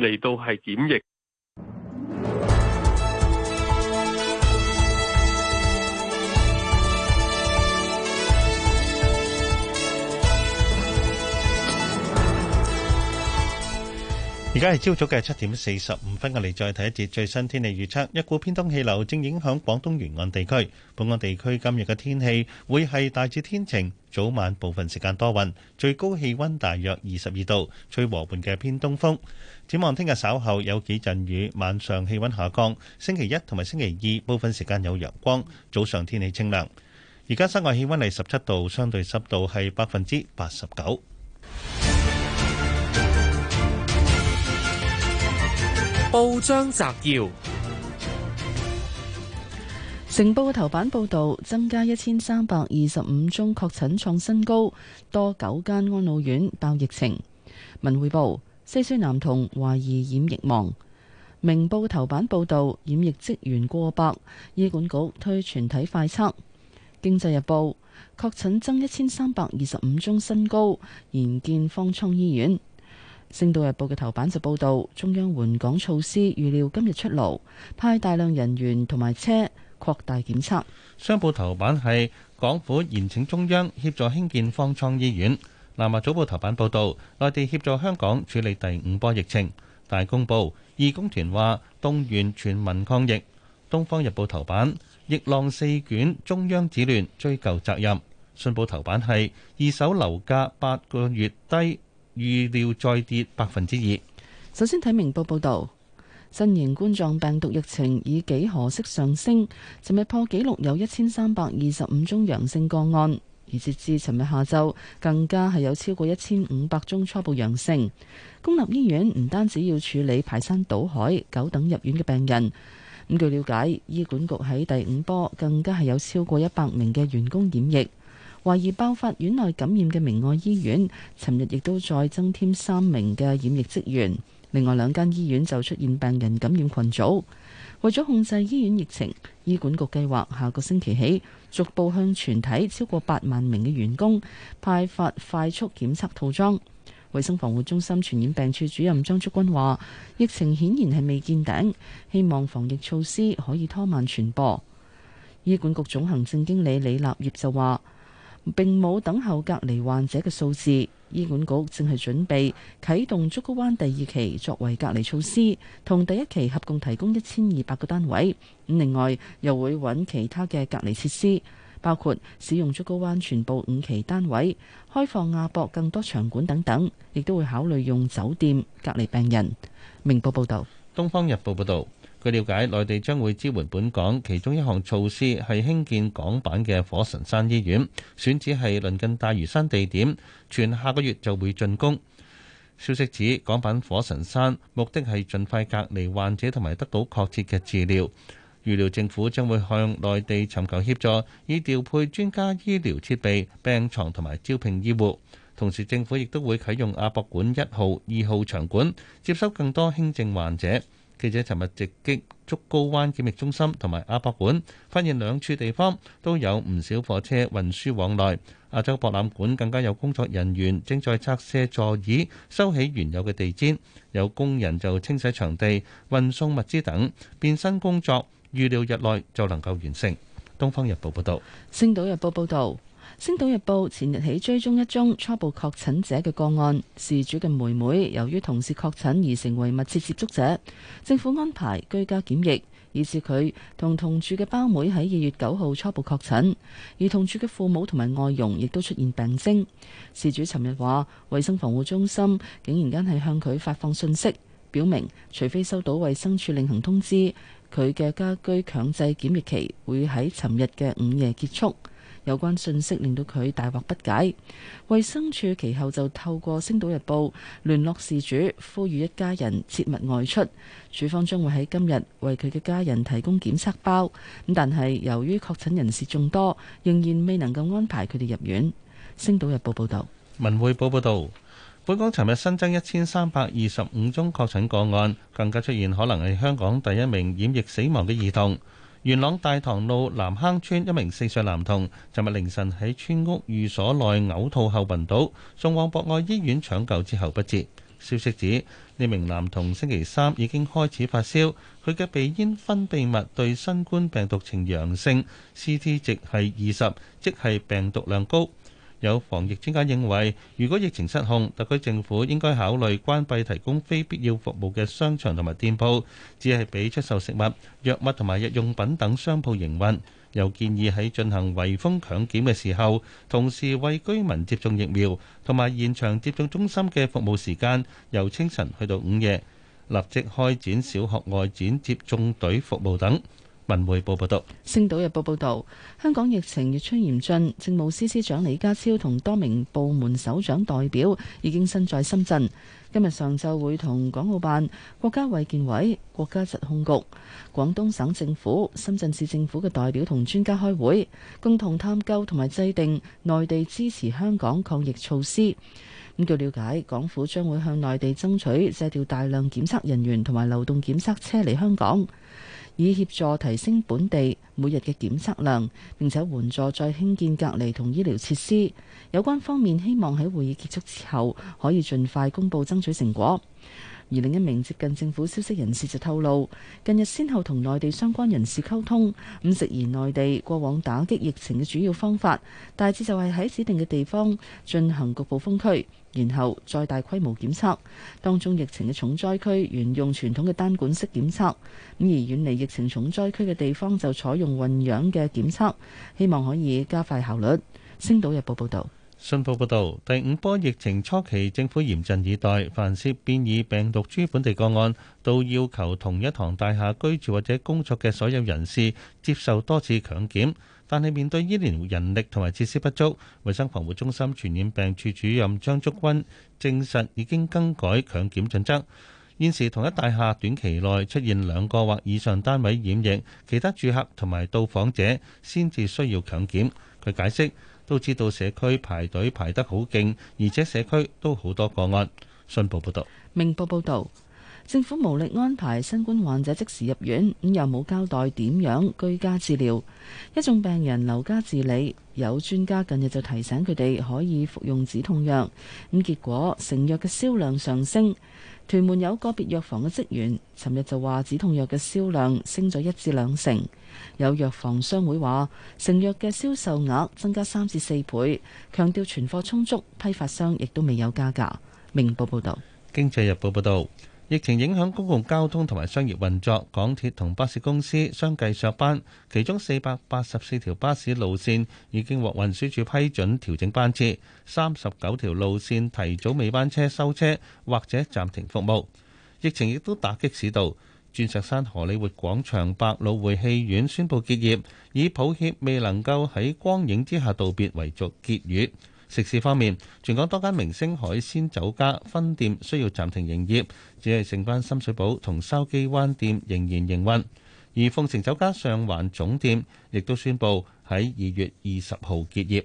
嚟到係檢疫。而家係朝早嘅七點四十五分，我哋再睇一節最新天氣預測。一股偏東氣流正影響廣東沿岸地區，本港地區今日嘅天氣會係大致天晴，早晚部分時間多雲，最高氣温大約二十二度，吹和緩嘅偏東風。展望聽日稍後有幾陣雨，晚上氣温下降。星期一同埋星期二部分時間有陽光，早上天氣清涼。而家室外氣温係十七度，相對濕度係百分之八十九。報章摘要：成報嘅頭版報道增加一千三百二十五宗確診創新高，多九間安老院爆疫情。文匯報：四歲男童懷疑染疫亡。明報嘅頭版報道染疫職員過百，醫管局推全體快測。經濟日報確診增一千三百二十五宗新高，延建方艙醫院。《星島日報》嘅頭版就報道中央援港措施，預料今日出爐，派大量人員同埋車擴大檢測。商報頭版係港府延請中央協助興建方艙醫院。南華早報頭版報道內地協助香港處理第五波疫情。大公報義工團話動員全民抗疫。東方日報頭版逆浪四卷，中央指亂追究責任。信報頭版係二手樓價八個月低。預料再跌百分之二。首先睇明報報道，新型冠狀病毒疫情以幾何式上升。尋日破紀錄有一千三百二十五宗陽性個案，而截至尋日下晝，更加係有超過一千五百宗初步陽性。公立醫院唔單止要處理排山倒海、久等入院嘅病人，咁據了解，醫管局喺第五波更加係有超過一百名嘅員工染疫。懷疑爆發院內感染嘅明愛醫院，尋日亦都再增添三名嘅染疫職員。另外兩間醫院就出現病人感染群組。為咗控制醫院疫情，醫管局計劃下個星期起逐步向全體超過八萬名嘅員工派發快速檢測套裝。衛生防護中心傳染病處主任張竹君話，疫情顯然係未見頂，希望防疫措施可以拖慢傳播。醫管局總行政經理李立業就話：並冇等候隔離患者嘅數字，醫管局正係準備啟動竹篙灣第二期作為隔離措施，同第一期合共提供一千二百個單位。另外又會揾其他嘅隔離設施，包括使用竹篙灣全部五期單位、開放亞博更多場館等等，亦都會考慮用酒店隔離病人。明報報道。《東方日報》報道。據了解，內地將會支援本港，其中一項措施係興建港版嘅火神山醫院，選址係鄰近大嶼山地點，全下個月就會竣工。消息指，港版火神山目的係盡快隔離患者同埋得到確切嘅治療。預料政府將會向內地尋求協助，以調配專家醫療設備、病床同埋招聘醫護。同時，政府亦都會啟用亞博館一號、二號場館，接收更多輕症患者。記者尋日直擊竹篙灣檢疫中心同埋亞博館，發現兩處地方都有唔少貨車運輸往來。亞洲博覽館更加有工作人員正在拆卸座椅、收起原有嘅地氈，有工人就清洗場地、運送物資等變身工作，預料日內就能夠完成。《東方日報》報道。《星島日報》報導。《星島日報》前日起追蹤一宗初步確診者嘅個案，事主嘅妹妹由於同事確診而成為密切接觸者，政府安排居家檢疫，以致佢同同住嘅胞妹喺二月九號初步確診，而同住嘅父母同埋外佣亦都出現病徵。事主尋日話，衛生防護中心竟然間係向佢發放信息，表明除非收到衛生署另行通知，佢嘅家居強制檢疫期會喺尋日嘅午夜結束。有關信息令到佢大惑不解。衛生署其後就透過《星島日報》聯絡事主，呼籲一家人切勿外出。署方將會喺今日為佢嘅家人提供檢測包。咁但係由於確診人士眾多，仍然未能夠安排佢哋入院。《星島日報》報道。《文匯報》報道，本港尋日新增一千三百二十五宗確診個案，更加出現可能係香港第一名染疫死亡嘅兒童。元朗大棠路南坑村一名四歲男童，尋日凌晨喺村屋寓所內嘔吐後暈倒，送往博愛醫院搶救之後不治。消息指，呢名男童星期三已經開始發燒，佢嘅鼻咽分泌物對新冠病毒呈陽性，CT 值係二十，即係病毒量高。有防疫專家認為，如果疫情失控，特區政府應該考慮關閉提供非必要服務嘅商場同埋店鋪，只係俾出售食物、藥物同埋日用品等商鋪營運。又建議喺進行圍封強檢嘅時候，同時為居民接種疫苗，同埋現場接種中心嘅服務時間由清晨去到午夜，立即開展小學外展接種隊服務等。文匯報報道，星島日報報道，香港疫情越趨嚴峻，政務司司長李家超同多名部門首長代表已經身在深圳。今日上晝會同港澳辦、國家衛健委、國家疾控局、廣東省政府、深圳市政府嘅代表同專家開會，共同探究同埋制定內地支持香港抗疫措施。咁據了解，港府將會向內地爭取借調大量檢測人員同埋流動檢測車嚟香港。以協助提升本地每日嘅檢測量，並且援助再興建隔離同醫療設施。有關方面希望喺會議結束之後，可以盡快公佈爭取成果。而另一名接近政府消息人士就透露，近日先後同內地相關人士溝通，咁直言內地過往打擊疫情嘅主要方法，大致就係喺指定嘅地方進行局部封區，然後再大規模檢測，當中疫情嘅重災區沿用傳統嘅單管式檢測，咁而遠離疫情重災區嘅地方就採用混養嘅檢測，希望可以加快效率。星島日報報道。信報報導，第五波疫情初期，政府嚴陣以待，凡涉變異病毒株本地個案，都要求同一幢大廈居住或者工作嘅所有人士接受多次強檢。但係面對醫療人力同埋設施不足，衞生防護中心傳染病處主任張竹君證實已經更改強檢準則。現時同一大廈短期內出現兩個或以上單位染疫，其他住客同埋到訪者先至需要強檢。佢解釋。都知道社區排隊排得好勁，而且社區都好多個案。信報報道。明報報道，政府無力安排新冠患者即時入院，咁又冇交代點樣居家治療。一眾病人留家治理，有專家近日就提醒佢哋可以服用止痛藥，咁結果成藥嘅銷量上升。屯門有個別藥房嘅職員，尋日就話止痛藥嘅銷量升咗一至兩成。有藥房商會話，成藥嘅銷售額增加三至四倍，強調存貨充足，批發商亦都未有加價。明報報導，《經濟日報》報導，疫情影響公共交通同埋商業運作，港鐵同巴士公司相繼削班，其中四百八十四條巴士路線已經獲運輸署批准調整班次，三十九條路線提早尾班車收車或者暫停服務。疫情亦都打擊市道。鑽石山荷里活廣場百老匯戲院宣布結業，以抱歉未能夠喺光影之下道別為作結語。食肆方面，全港多間明星海鮮酒家分店需要暫停營業，只係剩返深水埗同筲箕灣店仍然營運，而鳳城酒家上環總店亦都宣布喺二月二十號結業。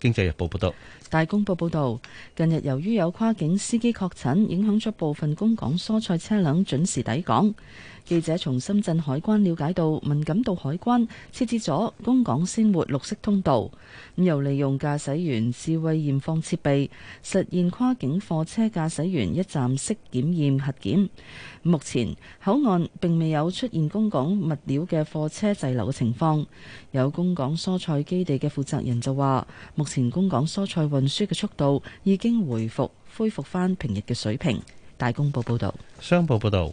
經濟日報報道，大公報報道，近日由於有跨境司機確診，影響咗部分供港蔬菜車輛準時抵港。記者從深圳海關了解到，文錦渡海關設置咗公港鮮活綠色通道，咁又利用駕駛員智慧驗放設備，實現跨境貨車駕駛員一站式檢驗核檢。目前口岸並未有出現公港物料嘅貨車滯留嘅情況，有公港蔬菜基地嘅負責人就話，目前公港蔬菜運輸嘅速度已經回復恢復翻平日嘅水平。大公報報道。商報報道。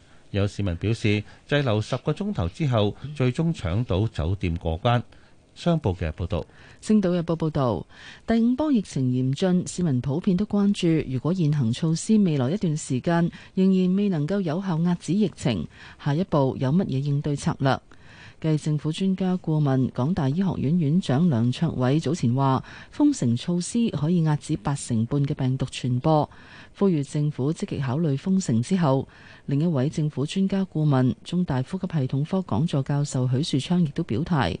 有市民表示，滯留十個鐘頭之後，最終搶到酒店過關。商報嘅報道，《星島日報》報道，第五波疫情嚴峻，市民普遍都關注，如果現行措施未來一段時間仍然未能夠有效遏止疫情，下一步有乜嘢應對策略？繼政府專家顧問港大醫學院院長梁卓偉早前話封城措施可以壓止八成半嘅病毒傳播，呼籲政府積極考慮封城之後，另一位政府專家顧問中大呼吸系統科講座教授許樹昌亦都表態，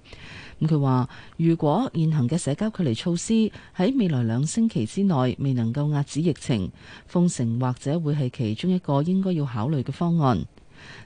咁佢話如果現行嘅社交距離措施喺未來兩星期之內未能夠壓止疫情，封城或者會係其中一個應該要考慮嘅方案。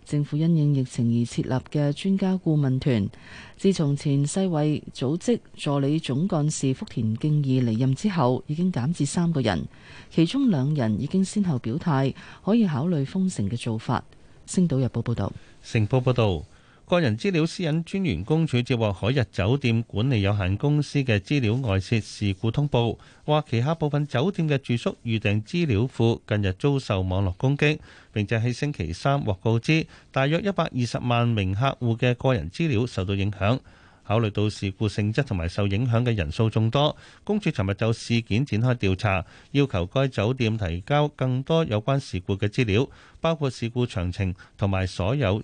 政府因應疫情而設立嘅專家顧問團，自從前世衛組織助理總幹事福田敬二離任之後，已經減至三個人，其中兩人已經先後表態可以考慮封城嘅做法。星島日報報道，成報報道。個人資料私隱專員公署接獲海逸酒店管理有限公司嘅資料外泄事故通報，話旗下部分酒店嘅住宿預訂資料庫近日遭受網絡攻擊，並且喺星期三獲告知，大約一百二十萬名客戶嘅個人資料受到影響。考慮到事故性質同埋受影響嘅人數眾多，公署尋日就事件展開調查，要求該酒店提交更多有關事故嘅資料，包括事故詳情同埋所有，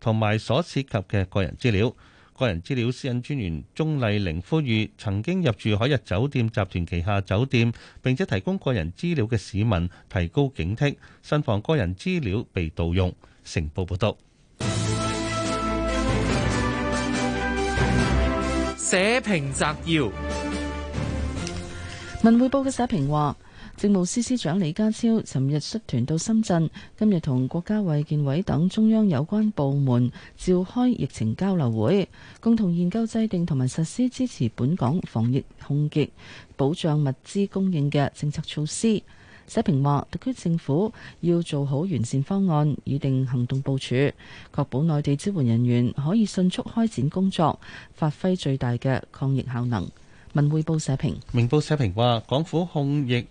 同埋所涉及嘅個人資料，個人資料私隱專員鍾麗玲呼籲曾經入住海逸酒店集團旗下酒店並且提供個人資料嘅市民提高警惕，慎防個人資料被盜用。成報報導。社評摘要：文匯報嘅社評話。政務司司長李家超尋日率團到深圳，今日同國家衛健委等中央有關部門召開疫情交流會，共同研究制定同埋實施支持本港防疫控疫、保障物資供應嘅政策措施。社評話，特區政府要做好完善方案，擬定行動部署，確保內地支援人員可以迅速開展工作，發揮最大嘅抗疫效能。文匯報社評，明報社評話，港府控疫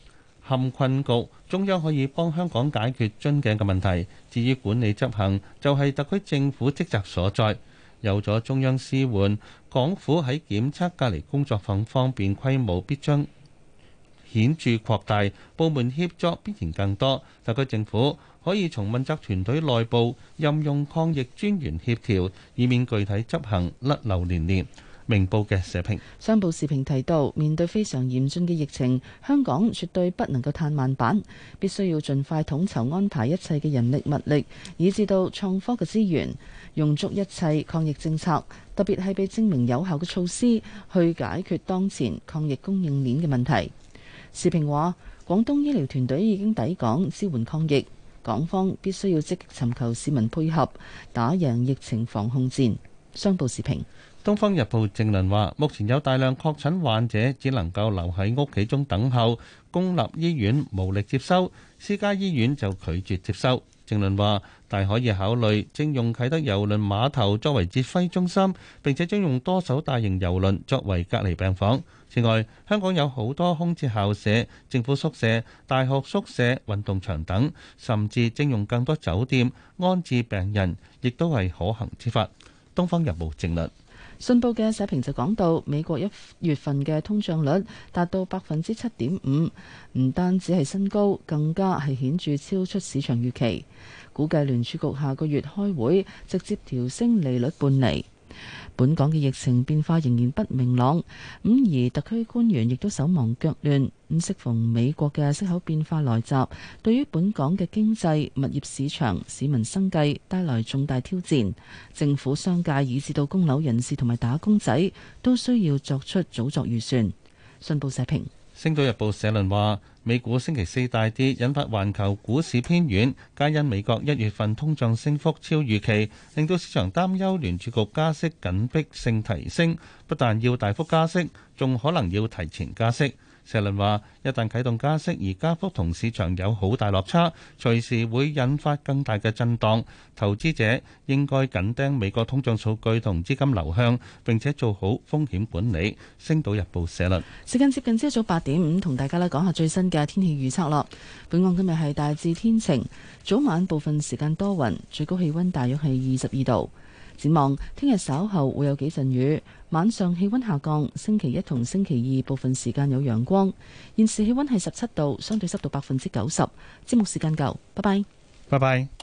陷困局，中央可以幫香港解決樽頸嘅問題。至於管理執行，就係特區政府職責所在。有咗中央支援，港府喺檢測隔離工作方方面面，規模必將顯著擴大，部門協作必然更多。特區政府可以從問責團隊內部任用抗疫專員協調，以免具體執行甩漏連連。明報嘅社評商報時評提到，面對非常嚴峻嘅疫情，香港絕對不能夠歎慢板，必須要盡快統籌安排一切嘅人力物力，以至到創科嘅資源，用足一切抗疫政策，特別係被證明有效嘅措施，去解決當前抗疫供應鏈嘅問題。時評話廣東醫療團隊已經抵港支援抗疫，港方必須要積極尋求市民配合，打贏疫情防控戰，商報時評。《東方日報》正論話：目前有大量確診患者，只能夠留喺屋企中等候，公立醫院無力接收，私家醫院就拒絕接收。正論話，大可以考慮徵用啟德郵輪碼頭作為指揮中心，並且徵用多艘大型郵輪作為隔離病房。此外，香港有好多空置校舍、政府宿舍、大學宿舍、運動場等，甚至徵用更多酒店安置病人，亦都係可行之法。《東方日報》正論。信報嘅社評就講到，美國一月份嘅通脹率達到百分之七點五，唔單止係新高，更加係顯著超出市場預期。估計聯儲局下個月開會直接調升利率半釐。本港嘅疫情變化仍然不明朗，咁而特區官員亦都手忙腳亂。咁適逢美國嘅息口變化來襲，對於本港嘅經濟、物業市場、市民生計帶來重大挑戰。政府、商界以至到供樓人士同埋打工仔都需要作出早作預算。信報社評，《星島日報》社論話：美股星期四大跌，引發環球股市偏軟，皆因美國一月份通脹升幅超預期，令到市場擔憂聯儲局加息緊迫性提升，不但要大幅加息，仲可能要提前加息。社論話：一旦啟動加息，而加幅同市場有好大落差，隨時會引發更大嘅震盪。投資者應該緊盯美國通脹數據同資金流向，並且做好風險管理。星島日報社論。時間接近朝早八點五，同大家咧講下最新嘅天氣預測咯。本港今日係大致天晴，早晚部分時間多雲，最高氣溫大約係二十二度。展望聽日稍後會有幾陣雨。晚上氣温下降，星期一同星期二部分時間有陽光。現時氣溫係十七度，相對濕度百分之九十。節目時間夠，拜拜。拜拜。